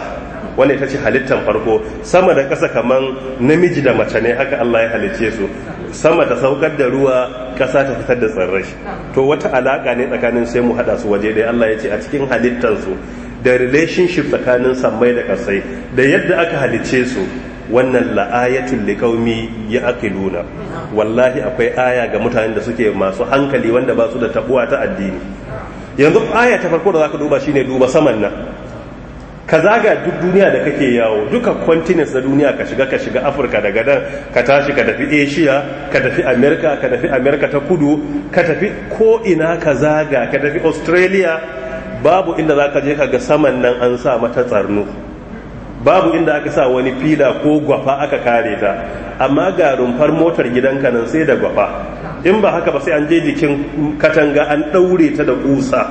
wanda ita ce halittar farko sama da ƙasa kaman namiji da mace ne haka Allah ya halice su sama ta saukar da ruwa ƙasa ta fitar da tsirrai to wata alaƙa ne tsakanin sai mu haɗa su waje dai Allah ya ce a cikin halittarsu da relationship tsakanin sammai da ƙasai da yadda aka halicce su wannan la'ayatul liqaumi yaqiluna wallahi akwai aya ga mutanen da suke masu hankali wanda ba su da tabuwa ta addini yanzu aya ta farko da zaka duba shine duba saman nan ka zaga duk duniya da kake yawo duka continents na duniya ka shiga ka shiga afirka daga nan ka tashi ka tafi asia ka tafi america ka tafi america ta kudu ka tafi ko ina ka zaga ka tafi australia babu inda za ka je ka ga saman nan an sa mata tsarno babu inda aka sa wani fila ko gwafa aka kare ta amma ga rumfar motar gidanka nan sai da gwafa in ba haka ba sai an je jikin katanga an ɗaure ta da ƙusa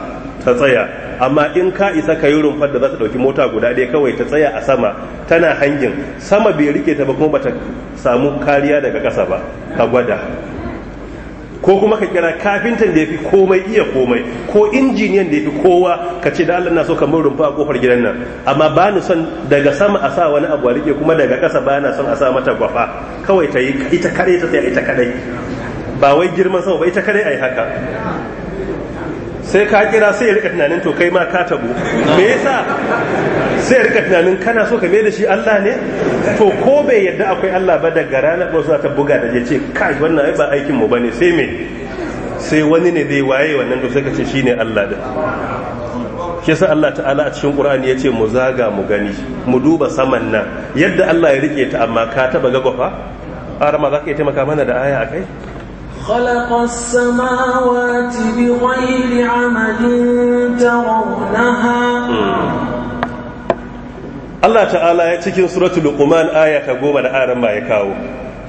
ta tsaya amma in ka isa ka yi rumfar da za ta ɗauki mota guda ɗaya kawai ta tsaya a sama tana hangin sama bai rike ta ba kuma ba ta samu kariya daga ƙasa ba ka gwada ko kuma ka kira kafintan da ya fi komai iya komai ko injiniyan da ya fi kowa ka ce da Allah na so kamar rumfa a kofar gidan nan amma ba ni son daga sama a sa wani abu a rike kuma daga ƙasa ba na son a sa mata gwafa kawai ta yi ita kadai ta tsaya ita kadai ba wai girman sama ba ita kadai a yi haka sai ka kira sai ya rika tunanin to kai ma ka tabo me yasa sai ya rika tunanin kana so ka da shi Allah ne to ko bai yadda akwai Allah ba daga rana ko suna ta buga da ya ce kai wannan ba aikin mu bane sai me sai wani ne zai waye wannan to sai ka ce shine Allah da kisa Allah ta'ala a cikin Qur'ani yace mu zaga mu gani mu duba saman nan yadda Allah ya rike ta amma ka taba gagwafa arama zaka yi taimaka mana da aya akai خلق السماوات بغير عمد ترونها Allah ta'ala ya cikin suratul luqman aya ta goma da aran ba ya kawo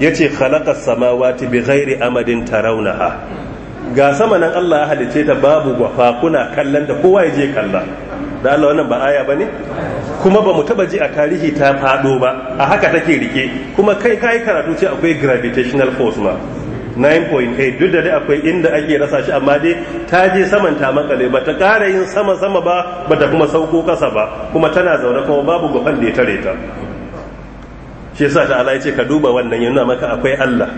yace khalaqas samawati bighairi amadin tarawnaha ga sama nan Allah ya halice ta babu gwafa kuna kallon da kowa ya kalla da Allah wannan ba aya bane kuma ba mu taba ji a tarihi ta fado ba a haka take rike kuma kai kai karatu ce akwai gravitational force ma 9.8 duk da dai akwai inda ake rasa shi amma dai ta je saman ta makale ba ta ƙara yin sama sama ba ba ta kuma sauko kasa ba kuma tana zaune kuma babu gufan da ya tare ta shi yasa ta Allah ya ce ka duba wannan ya maka akwai Allah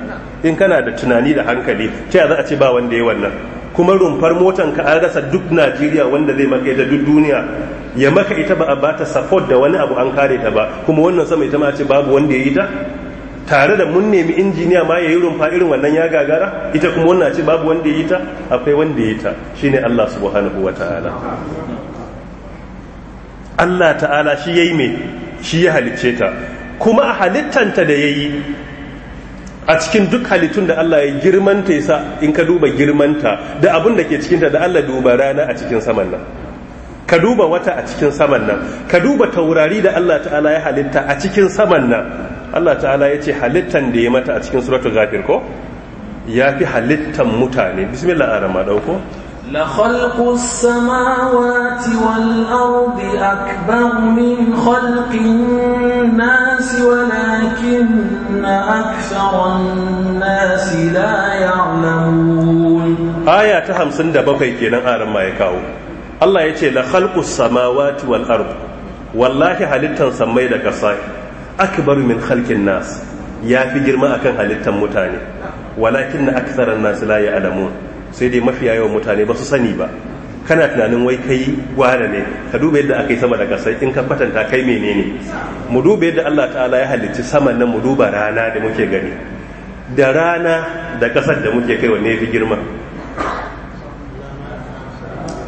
in kana da tunani da hankali ta za a ce ba wanda ya wannan kuma rumfar motan ka an rasa duk Najeriya wanda zai maka ita duk duniya ya maka ita ba a ba ta support da wani abu an kare ta ba kuma wannan sama ita ma ce babu wanda ya yi ta tare da mun nemi injiniya ma ya yi rumfa irin wannan ya gagara ita kuma wannan ce babu wanda ya yi ta akwai wanda ya yi ta shine Allah subhanahu wa ta'ala Allah ta'ala shi yayi me shi ya halicce ta kuma a halittanta da yayi a cikin duk halittun da Allah ya girmanta yasa in ka duba girmanta da abin da ke cikinta da Allah duba rana a cikin saman nan ka duba wata a cikin saman nan ka duba taurari da Allah ta'ala ya halitta a cikin saman nan Allah ta'ala ya ce halittan da ya mata a cikin suratul zafir ko ya fi halittan mutane bismillah arama dauko la khalqu samawati wal ardi akbar min khalqin nas walakinna aktharan nas la ya'lamun aya ta 57 kenan arama ya kawo Allah ya ce la khalqu samawati wal ardi wallahi halittan samai da kasai akbaru min khalqin nas ya fi girma akan halittar mutane walakin na aktharan nas la ya'lamun sai dai mafiya yawan mutane ba su sani ba kana tunanin wai kai gwara ne ka duba yadda akai sama da kasai in ka kwatanta kai menene mu duba yadda Allah ta'ala ya halicci saman nan mu duba rana da muke gani da rana da kasar da muke kai wanne fi girma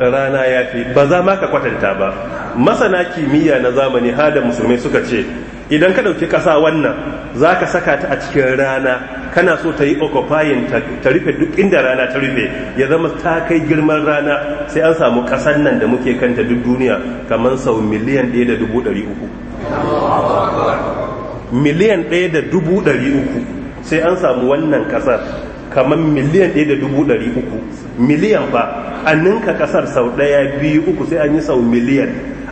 rana ya fi ba za ma ka kwatanta ba masana kimiyya na zamani hada musulmai suka ce idan ka ɗauki ƙasa wannan za ka saka ta a cikin rana kana so ta yi occupying ta rufe duk inda rana ta rufe ya zama ta kai girman rana sai an samu ƙasan nan da muke kanta duk duniya kamar sau miliyan ɗaya da dubu ɗari uku miliyan ɗaya da dubu ɗari uku sai an samu wannan ƙasar kamar miliyan ɗaya da dubu ɗari uku miliyan ba a ninka ƙasar sau ɗaya biyu uku sai an yi sau miliyan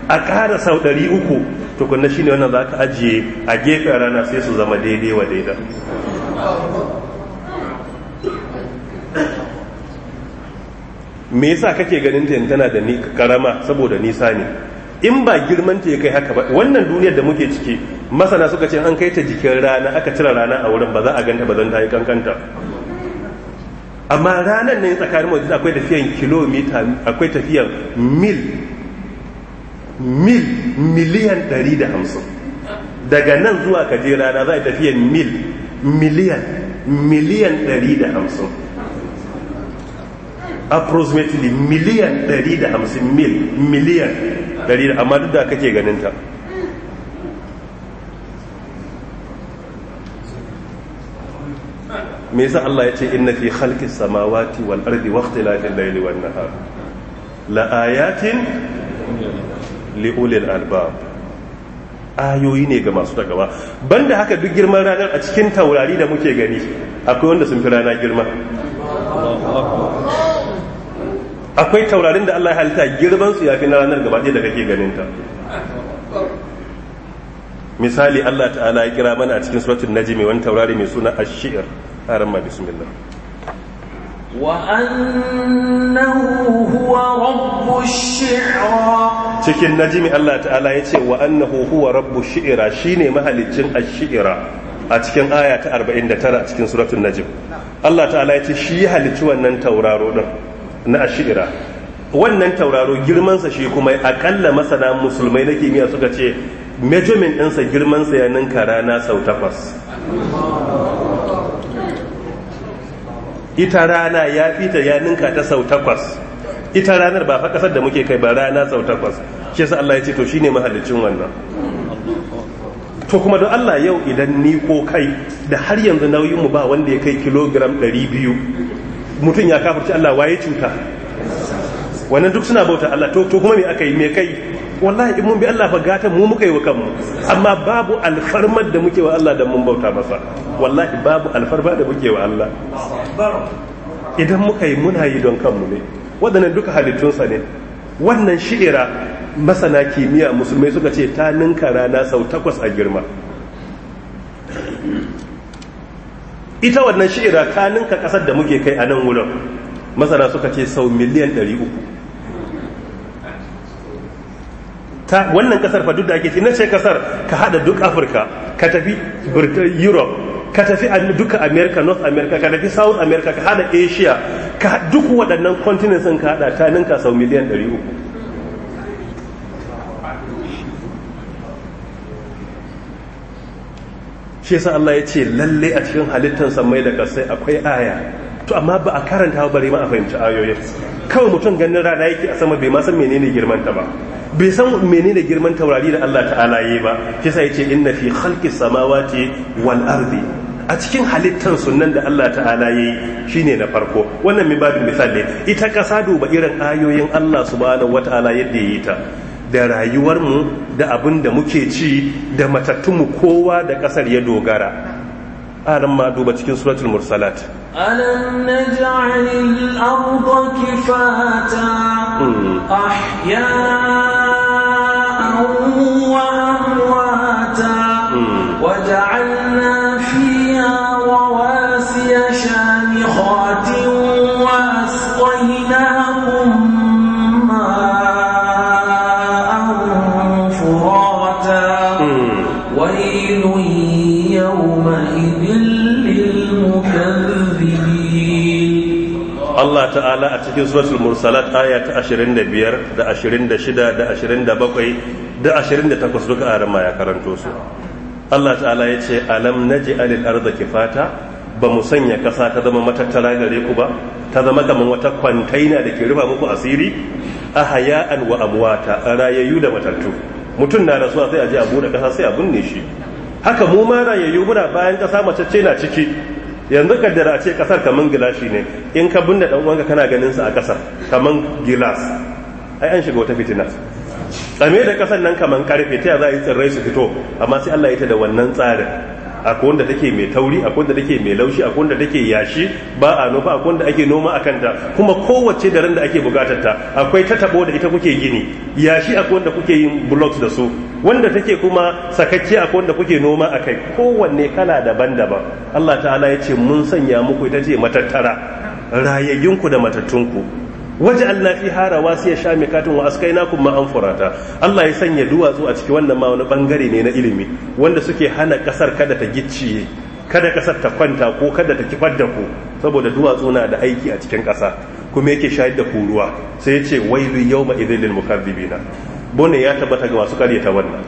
a ƙara sau ɗari uku tukunna shine wannan za ka ajiye a gefen rana sai su zama daidai wa daidai. me yasa kake ganin ta tana da ni karama saboda nisa ne in ba girman ta ya kai haka ba wannan duniyar da muke ciki masana suka ce an kai ta jikin rana aka cire rana a wurin ba za a ganta ba zan ta yi kankanta amma ranar nan tsakanin wajen akwai tafiyan kilomita akwai tafiyan mil mil miliyan 150 daga nan zuwa kajera na za a tafiya mil miliyan miliyan 150 approximately miliyan 150 mil miliyan 150 amma duk da kake ganinta ta me yasa Allah ya ce inna fi khalqis samawati wal ardi wa ikhtilafil layli wan nahar la ayatin li'ulil albab ayoyi ne ga masu takawa banda haka duk girman ranar a cikin taurari da muke gani akwai wanda sun fi rana girma akwai taurarin da Allah ya halitta girman su yafi na ranar gaba da kake ganin ta misali Allah ta'ala ya kira mana a cikin suratul najmi wani taurari mai suna ash-shi'r aramma bismillah وأنه هو رب cikin najimi Allah ta'ala ya ce wa'annahu huwa rabbu shi'ira shine mahalicin a shiira a cikin aya ta 49 a cikin na jim. Allah ta'ala ya ce shi ya halici wannan tauraro din na shiira wannan tauraro girmansa shi kuma akalla masana musulmai na kimiyya suka ce mejomin ɗinsa girmansa ya ninka rana sau takwas ita rana ya fita ya ninka ta sau takwas ita ranar ba fa kasar da muke kai ba rana sau takwas shi yasa Allah ya ce to shine mahallicin wannan to kuma don Allah yau idan ni ko kai da har yanzu nauyin mu ba wanda ya kai kilogram 200 mutum ya kafurci Allah waye cuta wannan duk suna bauta Allah to kuma me aka yi me kai wallahi in mun bi Allah fa gata mu muka yi wa kanmu amma babu alfarmar da muke wa Allah da mun bauta masa wallahi babu alfarma da muke wa Allah idan muka yi muna yi don kanmu ne Wadannan duka halittunsa ne wannan shi'ira masana kimiyya musulmai suka ce ta ninka rana sau takwas a girma ita wannan shi'ira ta ninka ƙasar da muke kai a nan wurin masana suka ce sau miliyan uku. ta wannan kasar fa duk da ake ce na ce kasar ka hada duk afirka ka tafi europe ka tafi duka america north america ka tafi south america ka hada asia ka duk waɗannan continents sun ka hada ta ninka sau miliyan 300 shi yasa Allah ya ce lalle a cikin halittar samai da kasai akwai aya to amma ba a karanta bare ma a fahimci ayoyin kawai mutum ganin rana yake a sama bai ma san menene ta ba bai san menene girman taurari da Allah ta'ala yi ba shi sai yace inna fi khalqis samawati wal ardi a cikin halittar sunan da Allah ta'ala yi shine na farko wannan min babin misali ita kasa duba irin ayoyin Allah subhanahu wata'ala yadda yi ta da rayuwar mu da abin da muke ci da matattun mu kowa da kasar ya dogara aran ma duba cikin suratul mursalat alam naj'alil arda kifata hmm. ahya وجعلنا فيها رواسي شامخات وأسقيناكم ماء فراتا ويل يومئذ Allah ta'ala a cikin suratul mursalat aya ta 25 da 26 da 27 da 28 duka a ya karanto su Allah ta'ala ya ce alam naji alil arda kifata ba mu sanya kasa ta zama matattara gare ku ba ta zama kamar wata kwantaina da ke rufa muku asiri a haya'an wa amwata a rayayyu da matattu mutum na rasuwa sai a je a bude kasa sai a binne shi haka mu ma rayayyu muna bayan kasa macece na ciki yanzu kaddara a ce kasar kamar gilashi ne in ka binne dan uwanka kana ganin sa a kasa kaman gilas ai an shiga wata fitina tsame da kasan nan kamar karfe ta za a yi tsirrai su fito amma sai Allah ya ta da wannan tsarin akwai wanda take mai tauri akwai wanda take mai laushi akwai wanda take yashi ba a nufa akwai wanda ake noma a kanta kuma kowace da ran da ake bukatar ta akwai ta tabo da ita kuke gini yashi akwai wanda kuke yin blocks da su wanda take kuma sakakkiya akwai wanda kuke noma a kai kowanne kala daban-daban Allah ta'ala ya ce mun sanya muku ita ce matattara rayayyunku da matattunku waje Allah fi hara wasu ya sha katin wa askai na kuma an furata Allah ya sanya duwatsu a ciki wannan ma wani bangare ne na ilimi wanda suke hana kasar kada ta gicciye kada kasar ta kwanta ko kada ta kifar da ku saboda duwatsu na da aiki a cikin kasa kuma yake shayar da ku ruwa sai ya ce wai wailu yawma idhil lil bone ya tabbata ga masu karyata wannan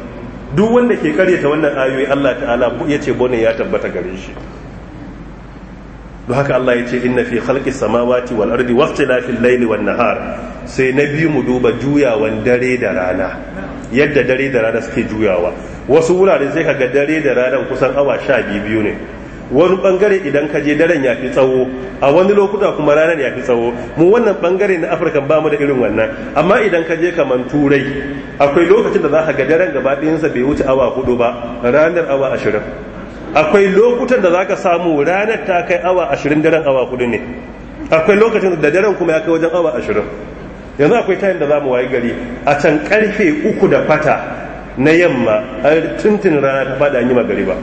duk wanda ke karyata wannan ayoyi Allah ta'ala ya ce bone ya tabbata gare shi don haka Allah ya ce inna fi khalqi samawati wal ardi waqtilafil layli wan nahar sai na biyu mu duba juyawan dare da rana yadda dare da rana suke juyawa wasu wurare sai kaga dare da rana kusan awa sha biyu ne wani bangare idan ka je daren ya fi tsawo a wani lokuta kuma ranar ya fi tsawo mu wannan bangare na afirka ba mu da irin wannan amma idan ka je kamar turai akwai lokacin da za ka ga daren gaba ɗayansa bai wuce awa hudu ba ranar awa ashirin akwai lokutan da zaka samu ranar ta kai awa 20 daren awa kudu ne akwai lokacin da daren kuma ya kai wajen awa 20 yanzu akwai tayin da za mu wayi gari a can karfe uku da fata na yamma a tuntun rana ta fada yi magari ba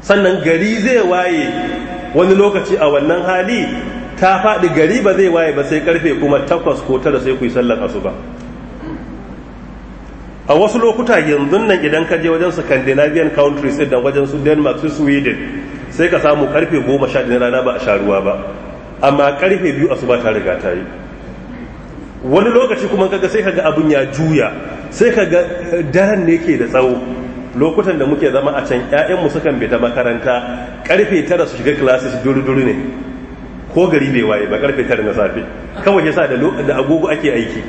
sannan gari zai waye wani lokaci a wannan hali ta faɗi gari ba zai waye ba sai karfe kuma takwas ko tara sai ku yi sallar asuba a wasu lokuta yanzu nan idan ka je wajen scandinavian countries din wajen su denmark su sweden sai ka samu karfe goma sha rana ba a sha ruwa ba amma karfe biyu asuba ta riga ta yi wani lokaci kuma kaga sai kaga abun ya juya sai kaga eh, daren ne ke da tsawo lokutan da muke zama a can ƴaƴanmu sukan bi ta makaranta karfe tara su shiga classes duru-duru ne ko gari bai waye ba karfe tara na safe kawai yasa da agogo ake aiki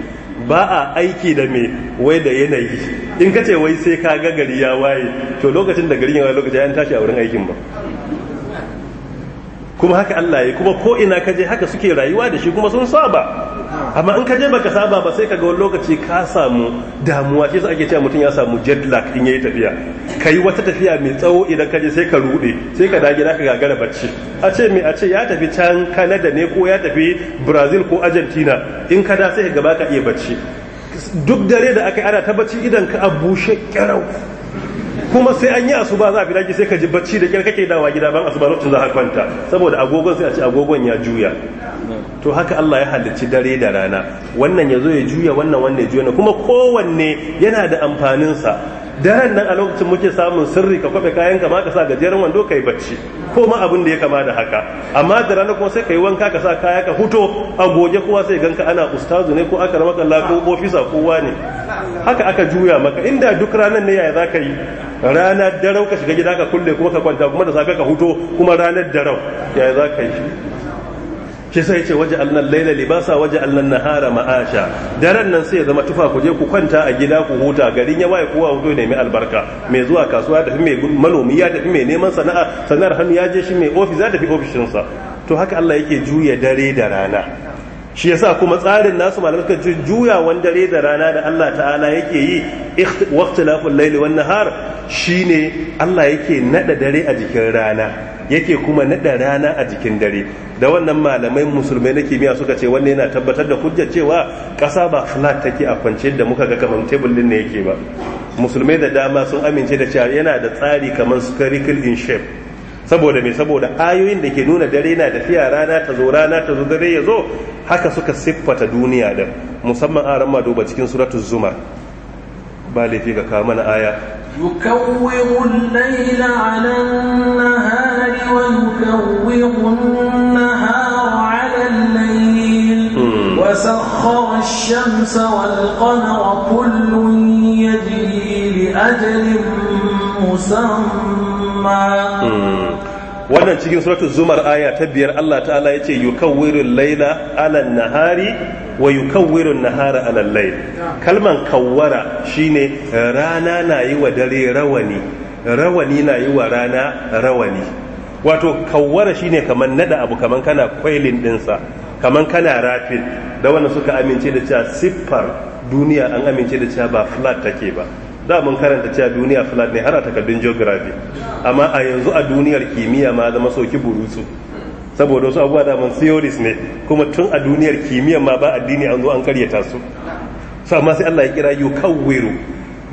ba a aiki da me wai da yanayi in ka ce wai sai ka ga gari ya waye to lokacin da gari ya waye lokacin ya tashi a wurin aikin ba kuma haka Allah ya kuma ko ina ka je haka suke rayuwa da shi kuma sun saba amma in ka je baka saba ba sai kaga wani lokaci ka samu damuwa shi ake cewa mutum ya samu jet lag in yayi tafiya kai wata tafiya mai tsawo idan ka je sai ka rude sai ka dage ka gagara bacci a ce me a ce ya tafi can Canada ne ko ya tafi Brazil ko Argentina in ka da sai ka gaba ka iya bacci duk dare da aka yi ana ta bacci idan ka abushe kyarau kuma sai an yi asuba za a fita sai ka ji bacci da kyan kake dawa gida ban asuba lokacin za a kwanta saboda agogon sai a ce agogon ya juya to haka Allah ya halicci dare da rana wannan ya zo ya juya wannan wannan ya juya kuma kowanne yana da amfaninsa daren nan a lokacin muke samun sirri ka kwafe kayan ka ma ka sa gajeren wando kai bacci ko ma abin da ya kama da haka amma da rana kuma sai kai wanka ka sa kaya ka huto a goge kowa sai ganka ana ustazu ne ko aka rama kalla ko ofisa kowa ne haka aka juya maka inda duk ranar ne yaya zaka yi ranar darau ka shiga gida ka kulle kuma ka kwanta kuma da safe ka huto kuma ranar darau yaya zaka yi shi sai ce waje allan laila libasa waje allan nahara ma'asha daren nan sai ya zama tufa ku je ku kwanta a gida ku huta garin ya waye kowa hudu ne mai albarka mai zuwa kasuwa ya tafi mai manomi ya tafi mai neman sana'a sana'ar hannu ya je shi mai ofis ya tafi ofishinsa to haka Allah yake juya dare da rana shi yasa kuma tsarin nasu malamai suka ce juyawan dare da rana da Allah ta'ala yake yi waqtilaful layli wan nahar shine Allah yake nada dare a jikin rana yake kuma naɗa rana a jikin dare da wannan malamai musulmai na kimiyya suka ce wannan yana tabbatar da hujjar cewa ƙasa ba flat take a kwance da muka ga kamar tebul din ne yake ba musulmai da dama sun amince da cewa yana da tsari kamar spherical in shape saboda me saboda ayoyin da ke nuna dare na tafiya rana ta zo rana ta zo dare ya zo haka suka siffata duniya da musamman aran ma duba cikin suratul zumar ba laifi ga kawo mana aya يكوّر الليل على النهار ويكوّر النهار على الليل وسخر الشمس والقمر كل يجري لأجل مسمى wannan cikin suratul zumar aya ta biyar Allah ta'ala ya ce yukawwirul laila ala nahari wa yukawwirun nahara ala layl kalman kawwara shine rana na yi wa dare rawani rawani na yi wa rana rawani wato kawwara shine kaman nada abu kaman kana kwailin dinsa kaman kana rafin da wannan suka amince da cewa siffar duniya an amince da cewa ba flat take ba da mun karanta cewa duniya flat ne har a takardun geography amma a yanzu a duniyar kimiyya ma zama soki burutsu saboda wasu abuwa da mun theories ne kuma tun a duniyar kimiyya ma ba addini an zo an ta su so amma sai Allah ya kira yukawwiru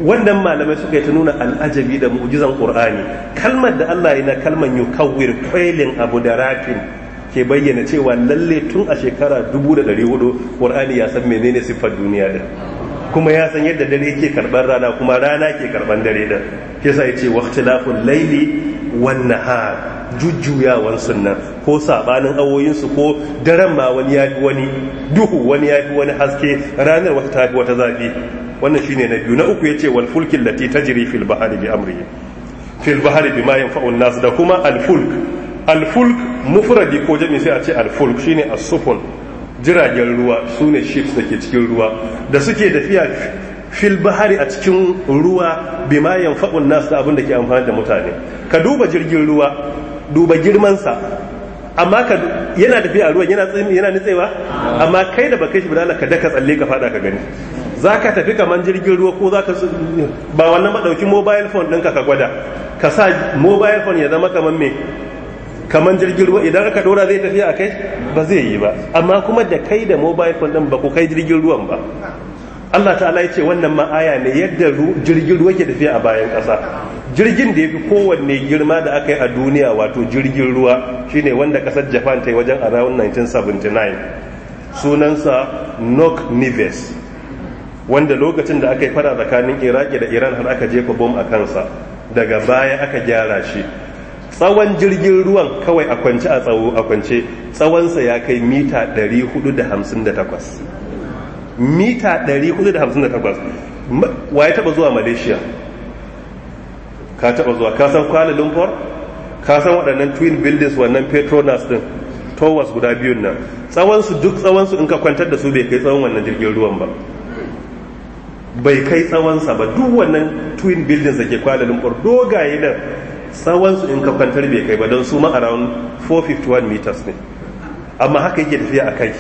wannan malamai suka yi ta nuna al'ajabi da mu'jizan qur'ani kalmar da Allah ya na yu yukawwir kwelin abu da rafin ke bayyana cewa lalle tun a shekara dubu da 1400 qur'ani ya san menene siffar duniya da. kuma ya san yadda dare ke karban rana kuma rana ke karban dare da din yasa ce waqtilaful laili wan nahar jujjuyawan sunna ko sabanin awoyinsu ko daren ma wani ya fi wani duhu wani ya fi wani haske ranar wata ta fi wata zafi wannan shine na biyu na uku yace wal fulkil lati tajri fil bahri bi Amri fil bahri bima yanfa'u nas da kuma al fulk al mufradi ko jami sai a ce al shine as-sufun jiragen ruwa su ne ships da ke cikin ruwa da suke tafiya fil bahari a cikin ruwa bima yanfa'un nas da da ke amfani da mutane ka duba jirgin ruwa duba girmansa amma ka yana tafiya a ruwan yana nitsewa amma kai da baka shi budala ka daka tsalle ka fada ka gani Za ka tafi kamar jirgin ruwa ko za ka ba wannan maɗauki mobile phone ɗinka ka gwada ka sa mobile phone ya zama kamar mai kamar jirgin ruwa idan aka dora zai tafiya a kai ba zai yi ba amma kuma da kai da mobile phone din ba ku kai jirgin ruwan ba Allah ta'ala ya ce wannan ma aya ne yadda jirgin ruwa ke tafiya a bayan ƙasa jirgin da ya fi kowanne girma da aka yi a duniya wato jirgin ruwa shine wanda ƙasar japan ta yi wajen around 1979 sunansa nok nives wanda lokacin da aka yi fara tsakanin iraki da iran har aka jefa bom a kansa daga baya aka gyara shi tsawon jirgin ruwan kawai a kwance a tsawo a kwance tsawonsa ya kai mita 458 mita 458 wa ya taba zuwa malaysia ka taba zuwa ka san lumpur ka san waɗannan twin buildings wannan petronas din towers guda biyun nan tsawonsu duk tsawonsu in ka kwantar da su bai kai tsawon wannan jirgin ruwan ba bai kai tsawonsa ba duk wannan twin buildings da ke kuala lumpur dogaye nan tsawonsu in ka kwantar bai kai ba don su ma around 451 meters ne amma haka yake tafiya a kai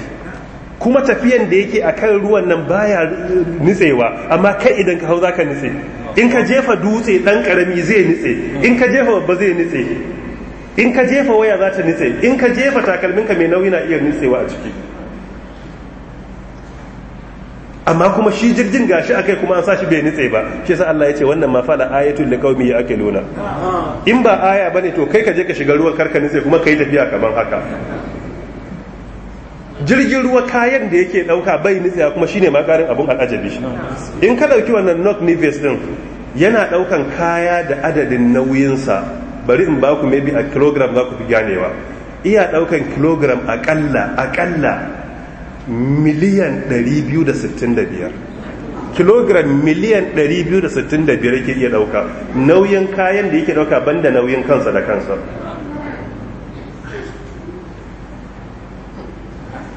kuma tafiyan da yake a kan ruwan nan baya eh, nitsewa amma kai idan ka hau zaka ka nitse in ka jefa dutse dan karami zai nitse in ka jefa babba zai nitse in ka jefa waya za ta nitse in ka jefa takalminka mai nauyi na iya nitsewa a ciki amma kuma shi jirgin gashi akai kuma an sashi bai nitse ba shi yasa Allah ya ce wannan ma fala ayatul liqaumi yaqiluna in ba aya bane to kai ka je ka shiga ruwan karka nitse kuma kai tafiya kaman haka jirgin ruwa kayan da yake dauka bai nitse kuma shine ma karin abun al'ajabi in ka dauki wannan not nives din yana daukan kaya da adadin nauyin sa bari in ba ku maybe a kilogram za ku fi ganewa iya daukan kilogram akalla akalla miliyan 265 kilogram miliyan 265 yake iya dauka nauyin kayan da yake dauka banda nauyin kansa da kansa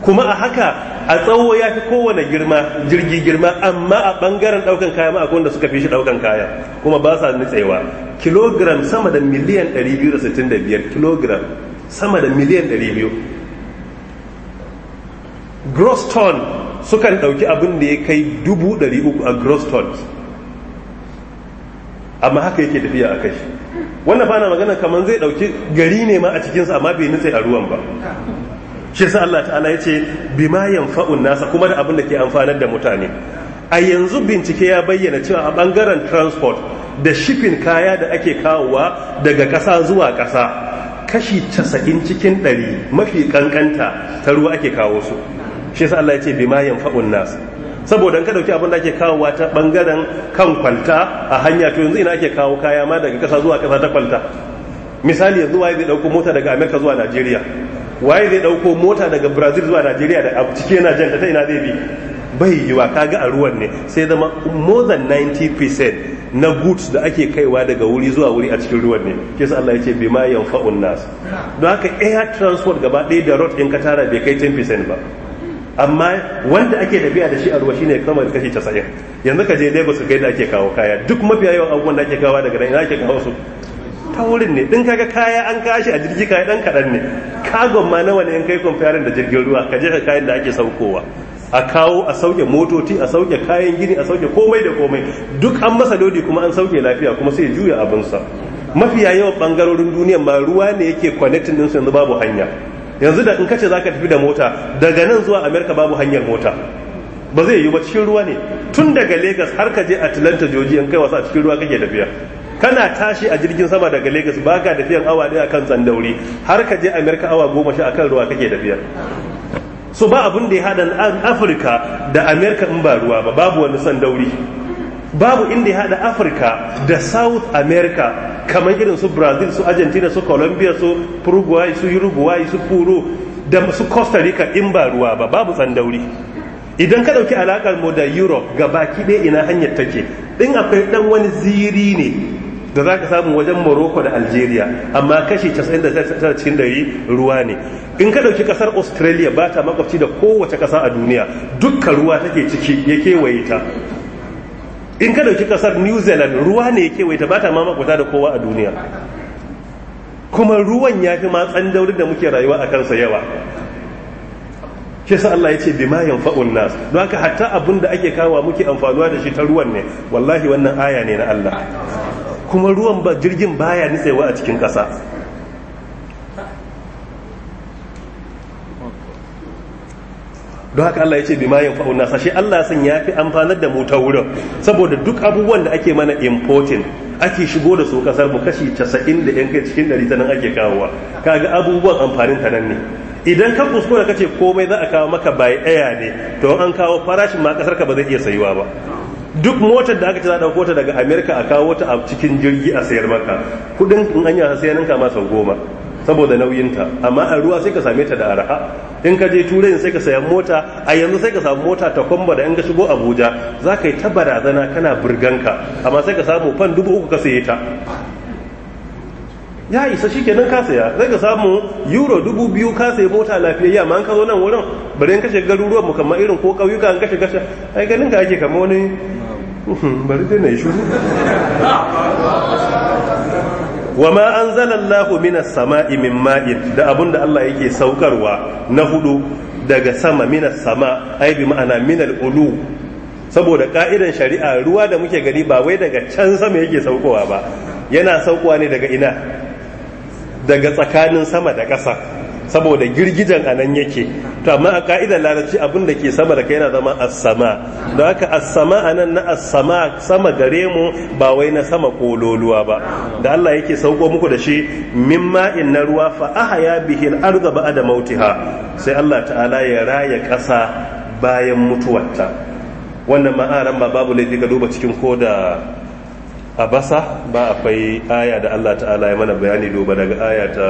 kuma a haka a tsawo ya fi kowane girma jirgi girma amma a bangaren daukan kaya ma wanda suka fi shi daukan kaya kuma ba sa nutsewa kilogram sama da miliyan 265 kilogram sama da miliyan 200 gross ton sukan ɗauki abin da ya kai dubu ɗari uku a gross amma haka yake tafiya a kai wannan fana magana kamar zai ɗauki gari ne ma a cikinsa amma bai nutse a ruwan ba shi sa Allah ta'ala ya ce bima yanfa'un nasa kuma da abin da ke amfanar da mutane a yanzu bincike ya bayyana cewa a bangaren transport da shipping kaya da ake kawowa daga ƙasa zuwa ƙasa kashi 90 cikin 100 mafi kankanta ta ruwa ake kawo su shi yasa Allah ya ce bima yanfa'un nas saboda in ka dauki abin da ake kawowa ta bangaren kan kwalta a hanya to yanzu ina ake kawo kaya ma daga kasa zuwa kasa ta kwalta misali yanzu waye zai dauko mota daga America zuwa Najeriya waye zai dauko mota daga Brazil zuwa Najeriya da a cikin yana janta ta ina zai bi bai yiwa kaga a ruwan ne sai zama more than 90% na goods da ake kaiwa daga wuri zuwa wuri a cikin ruwan ne ke sa Allah ya ce bima yanfa'un nas don haka air transport gaba ɗaya da road in ka tara bai kai 10% ba amma wanda ake tafiya da shi a ruwa shine kamar kashi 90 yanzu ka je Lagos kai da ake kawo kaya duk mafiya yawan abubuwan da ake kawo daga nan ina ake kawo su ta wurin ne din kaga kaya an kashi a jirgi kaya dan kadan ne kagon ma nawa ne in kai comparing da jirgin ruwa ka je ka kayan da ake saukowa a kawo a sauke motoci a sauke kayan gini a sauke komai da komai duk an masa dodi kuma an sauke lafiya kuma sai juya abinsa mafiya yawan bangarorin duniya ma ruwa ne yake connecting din su yanzu babu hanya yanzu da in kace zaka tafi da mota daga nan zuwa america babu hanyar mota ba zai yi ba cikin ruwa ne tun daga lagos har ka je atlanta joji in kai wasa a cikin ruwa kake tafiya kana tashi a jirgin sama daga lagos ba ka tafiyan awa ɗaya kan tsandauri har ka je america awa goma sha akan ruwa kake tafiya so ba abin da ya haɗa afirka da america in ba ruwa ba babu wani tsandauri babu inda ya haɗa afirka da south america kamar irin su brazil su argentina su colombia su uruguay su uruguay su puro da su costa rica in ba ruwa ba babu tsandauri idan ka ɗauki alakar mu da europe ga baki ɗaya ina hanyar take ɗin akwai ɗan wani ziri ne da za ka samu wajen morocco da algeria amma kashi 99 cikin dari ruwa ne in ka ɗauki ƙasar australia ba ta makwabci da kowace ƙasa a duniya dukkan ruwa take ciki ya kewaye ta in ka dauki kasar new zealand ruwa ne ya kewaye ta bata ma makwata da kowa a duniya kuma ruwan ya fi matsan daurin da muke rayuwa a kansa yawa kisa Allah ya ce bima fa'un nas don haka hatta abin da ake kawo muke amfanuwa da shi ta ruwan ne wallahi wannan aya ne na Allah kuma ruwan ba jirgin baya nitsewa a cikin ƙasa don haka Allah ya ce bima yin fa'un nasa Allah san ya fi amfanar da mu ta wurin saboda duk abubuwan da ake mana importing ake shigo da su kasar mu kashi casa'in da kai cikin 100 ta nan ake kawowa kaga abubuwan amfanin ta nan ne idan ka kuskura kace komai za a kawo maka by air ne to an kawo farashin ma kasar ka ba zai iya sayuwa ba duk motar da aka ce za a ta daga America a kawo ta a cikin jirgi a sayar maka kudin in an yi sayanin ka ma sau goma saboda nauyinta amma a ruwa sai ka same ta da araha in ka je turai sai ka saya mota a yanzu sai ka samu mota ta kwamba da in ka shigo abuja za ka yi ta barazana kana burganka amma sai ka samu fan dubu uku ka saye ta ya isa shi kenan ka saya sai ka samu euro dubu biyu ka saye mota lafiyayya amma an ka zo nan wurin bari in ka shiga garuruwan mu kamar irin ko ƙauyuka an kashe kashe ai ganin ka ake kama wani bari dai na yi shuru wa ma anzalallahu minas sama'i min ma'in da abunda Allah yake saukarwa na hudu daga sama minas sama ai bi ma'ana minal ulu saboda ka'idan shari'a ruwa da muke gani ba wai daga can sama yake saukowa ba yana saukowa ne daga ina daga tsakanin sama da ƙasa saboda girgijen anan yake to amma a ka'idar larabci abin da ke sama da kai yana zama a sama don haka a sama a nan na a sama sama gare mu ba wai na sama kololuwa ba da Allah yake sauko muku da shi min ma'in na ruwa fa ahaya bihi al-ardha ba'da mautiha sai Allah ta'ala ya raya ƙasa bayan mutuwarta wannan ma'aran ma babu laifi ka duba cikin koda a basa ba akwai aya da Allah ta'ala ya mana bayani duba daga aya ta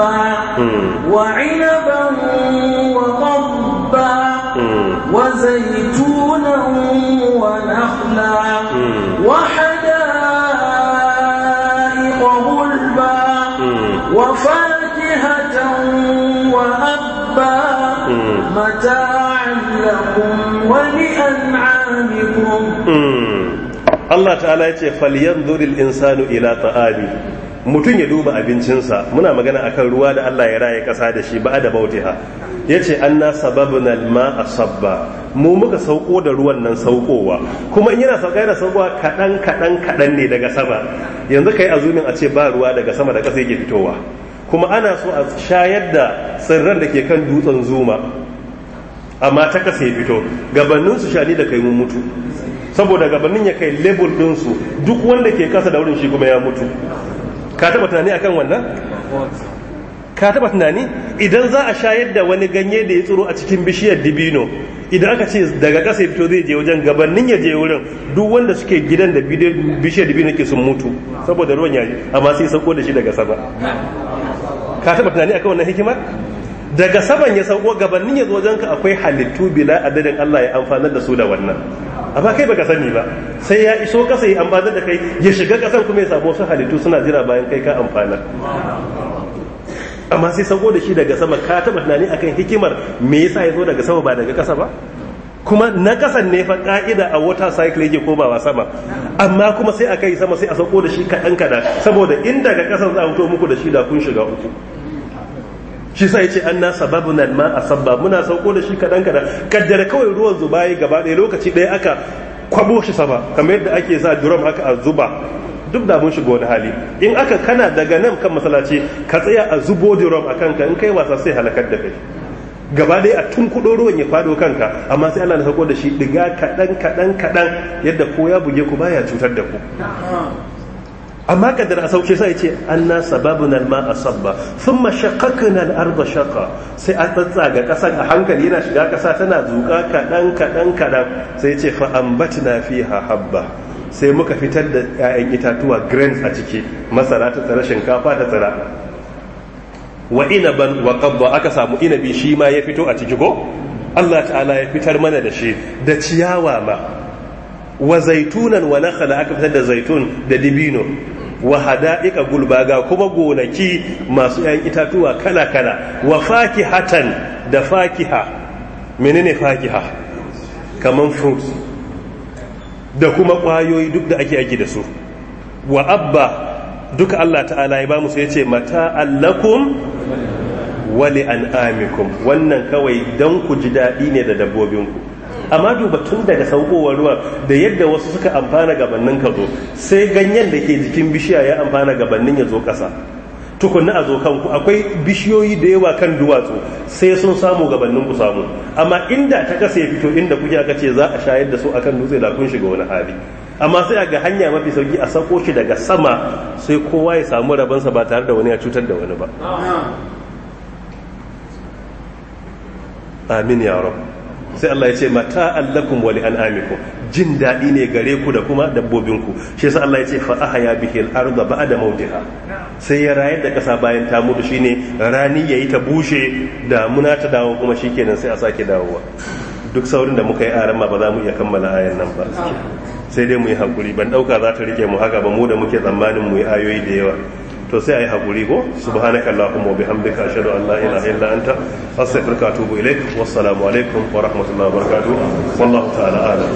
عنبا وعنبا وقبا وزيتونا ونخلا وحدائق غلبا وفاكهة وأبا متاعا لكم ولأنعامكم Allah ta'ala ya ce falyan zuril insanu ila ta'ami mutum ya duba abincinsa muna magana akan ruwa da Allah ya raye ƙasa da shi ba da bautiha ya ce an na sababin alma a sabba mu muka sauko da ruwan nan saukowa kuma in yana sauka yana saukowa kaɗan kaɗan kaɗan ne daga sama yanzu ka yi azumin a ce ba ruwa daga sama da ƙasa yake fitowa kuma ana so a shayar da tsirran da ke kan dutsen zuma amma ta kasa ya fito gabaninsu shani da kai mun mutu saboda gabanin ya kai lebur ɗinsu duk wanda ke kasa da wurin shi kuma ya mutu ka taba tunani akan wannan ka taba tunani idan za a shayar da wani ganye da ya tsoro a cikin bishiyar dibino idan aka ce daga ƙasa ya fito zai je wajen gabanin ya je wurin duk wanda suke gidan da bishiyar dibino ke sun mutu saboda ruwan yayi amma sai sauko da shi daga sama ka taba tunani akan wannan hikima daga saman ya sauko gabanin ya zo wajenka akwai halittu bila adadin Allah ya amfanar da su da wannan amma kai baka sani ba sai ya iso kasa yi amfanar da kai ya shiga kasar kuma ya samu wasu halittu suna jira bayan kai ka amfana amma sai saboda shi daga sama ka taba tunani akan hikimar me yasa ya zo daga sama ba daga kasa ba kuma na kasan ne fa ka'ida a water cycle yake ko ba wa sama amma kuma sai a kai sama sai a sauko da shi kaɗan kaɗan saboda in daga kasan za a fito muku da shi da kun shiga uku shi sai ce an na nan ma a sabba muna sauko da shi kadan kadan kaddara kawai ruwan zuba ya gaba ɗaya lokaci ɗaya aka kwabo shi sama kamar yadda ake sa drum haka a zuba duk da mun shiga wani hali in aka kana daga nan kan masallaci ka tsaya a zubo drum a kanka in kai wasa sai halakar da kai gaba ɗaya a tun kuɗo ruwan ya fado kanka amma sai Allah na sauko da shi diga kaɗan kaɗan kaɗan yadda ko ya buge ku baya cutar da ku amma kadar a sauke sai ce an na sababun alma sabba sun shaqqaqna al arba shaka sai a ga kasar a hankali yana shiga kasa tana zuka kaɗan kaɗan kaɗan sai ce fa fi fiha habba sai muka fitar da 'ya'yan itatuwa grains a ciki masara ta tsara shinkafa ta tsara wa inaban wa qabba aka samu inabi shi ma ya fito a ciki ko Allah ta'ala ya fitar mana da shi da ciyawa ma wa zaitunan wa nakhala aka fitar da zaitun da dibino wa hada'ika gulbaga kuma gonaki masu ‘yan itatuwa kala-kala wa fakihatan da fakiha menene fakiha kaman fruit da kuma ƙwayoyi duk da ake aiki da su wa abba duka Allah ta'ala ya ba mu sai ce mata allakum wali an'amikum wannan kawai dan ku ji daɗi ne da dabbobin ku. amma duba tun daga saukowar ruwa da yadda wasu suka amfana gabannin ka zo sai ganyen da ke jikin bishiya ya amfana gabannin ya zo ƙasa tukunna a zo kanku akwai bishiyoyi da yawa kan duwatsu sai sun samu gabanin ku samu amma inda ta kasa ya fito inda kuke aka ce za a shayar da su akan dutse da kun shiga wani hali amma sai a ga hanya mafi sauki a sauko shi daga sama sai kowa ya samu rabansa ba tare da wani ya cutar da wani ba amin ya rabu sai Allah ya ce mata allakum wa li'an'amikum jin daɗi ne gare ku da kuma dabbobinku shi yasa Allah ya ce fa ahya bihi al-ardha ba'da mawtiha sai ya rayar da kasa bayan ta mutu shine rani yayi ta bushe damuna ta dawo kuma shikenan sai a sake dawowa duk saurin da muka yi aran ma ba za mu iya kammala ayan nan ba sai dai mu yi hakuri ban dauka za ta rike mu haka ba mu da muke tsammanin mu yi ayoyi da yawa to sai a yi haƙuri ko subhanaka allahumma bihamdika ashhadu an la ilaha illa anta astaghfiruka wa atubu ilaik wassalamu alaikum wa rahmatullahi wa barakatuh wallahu ta'ala a'lam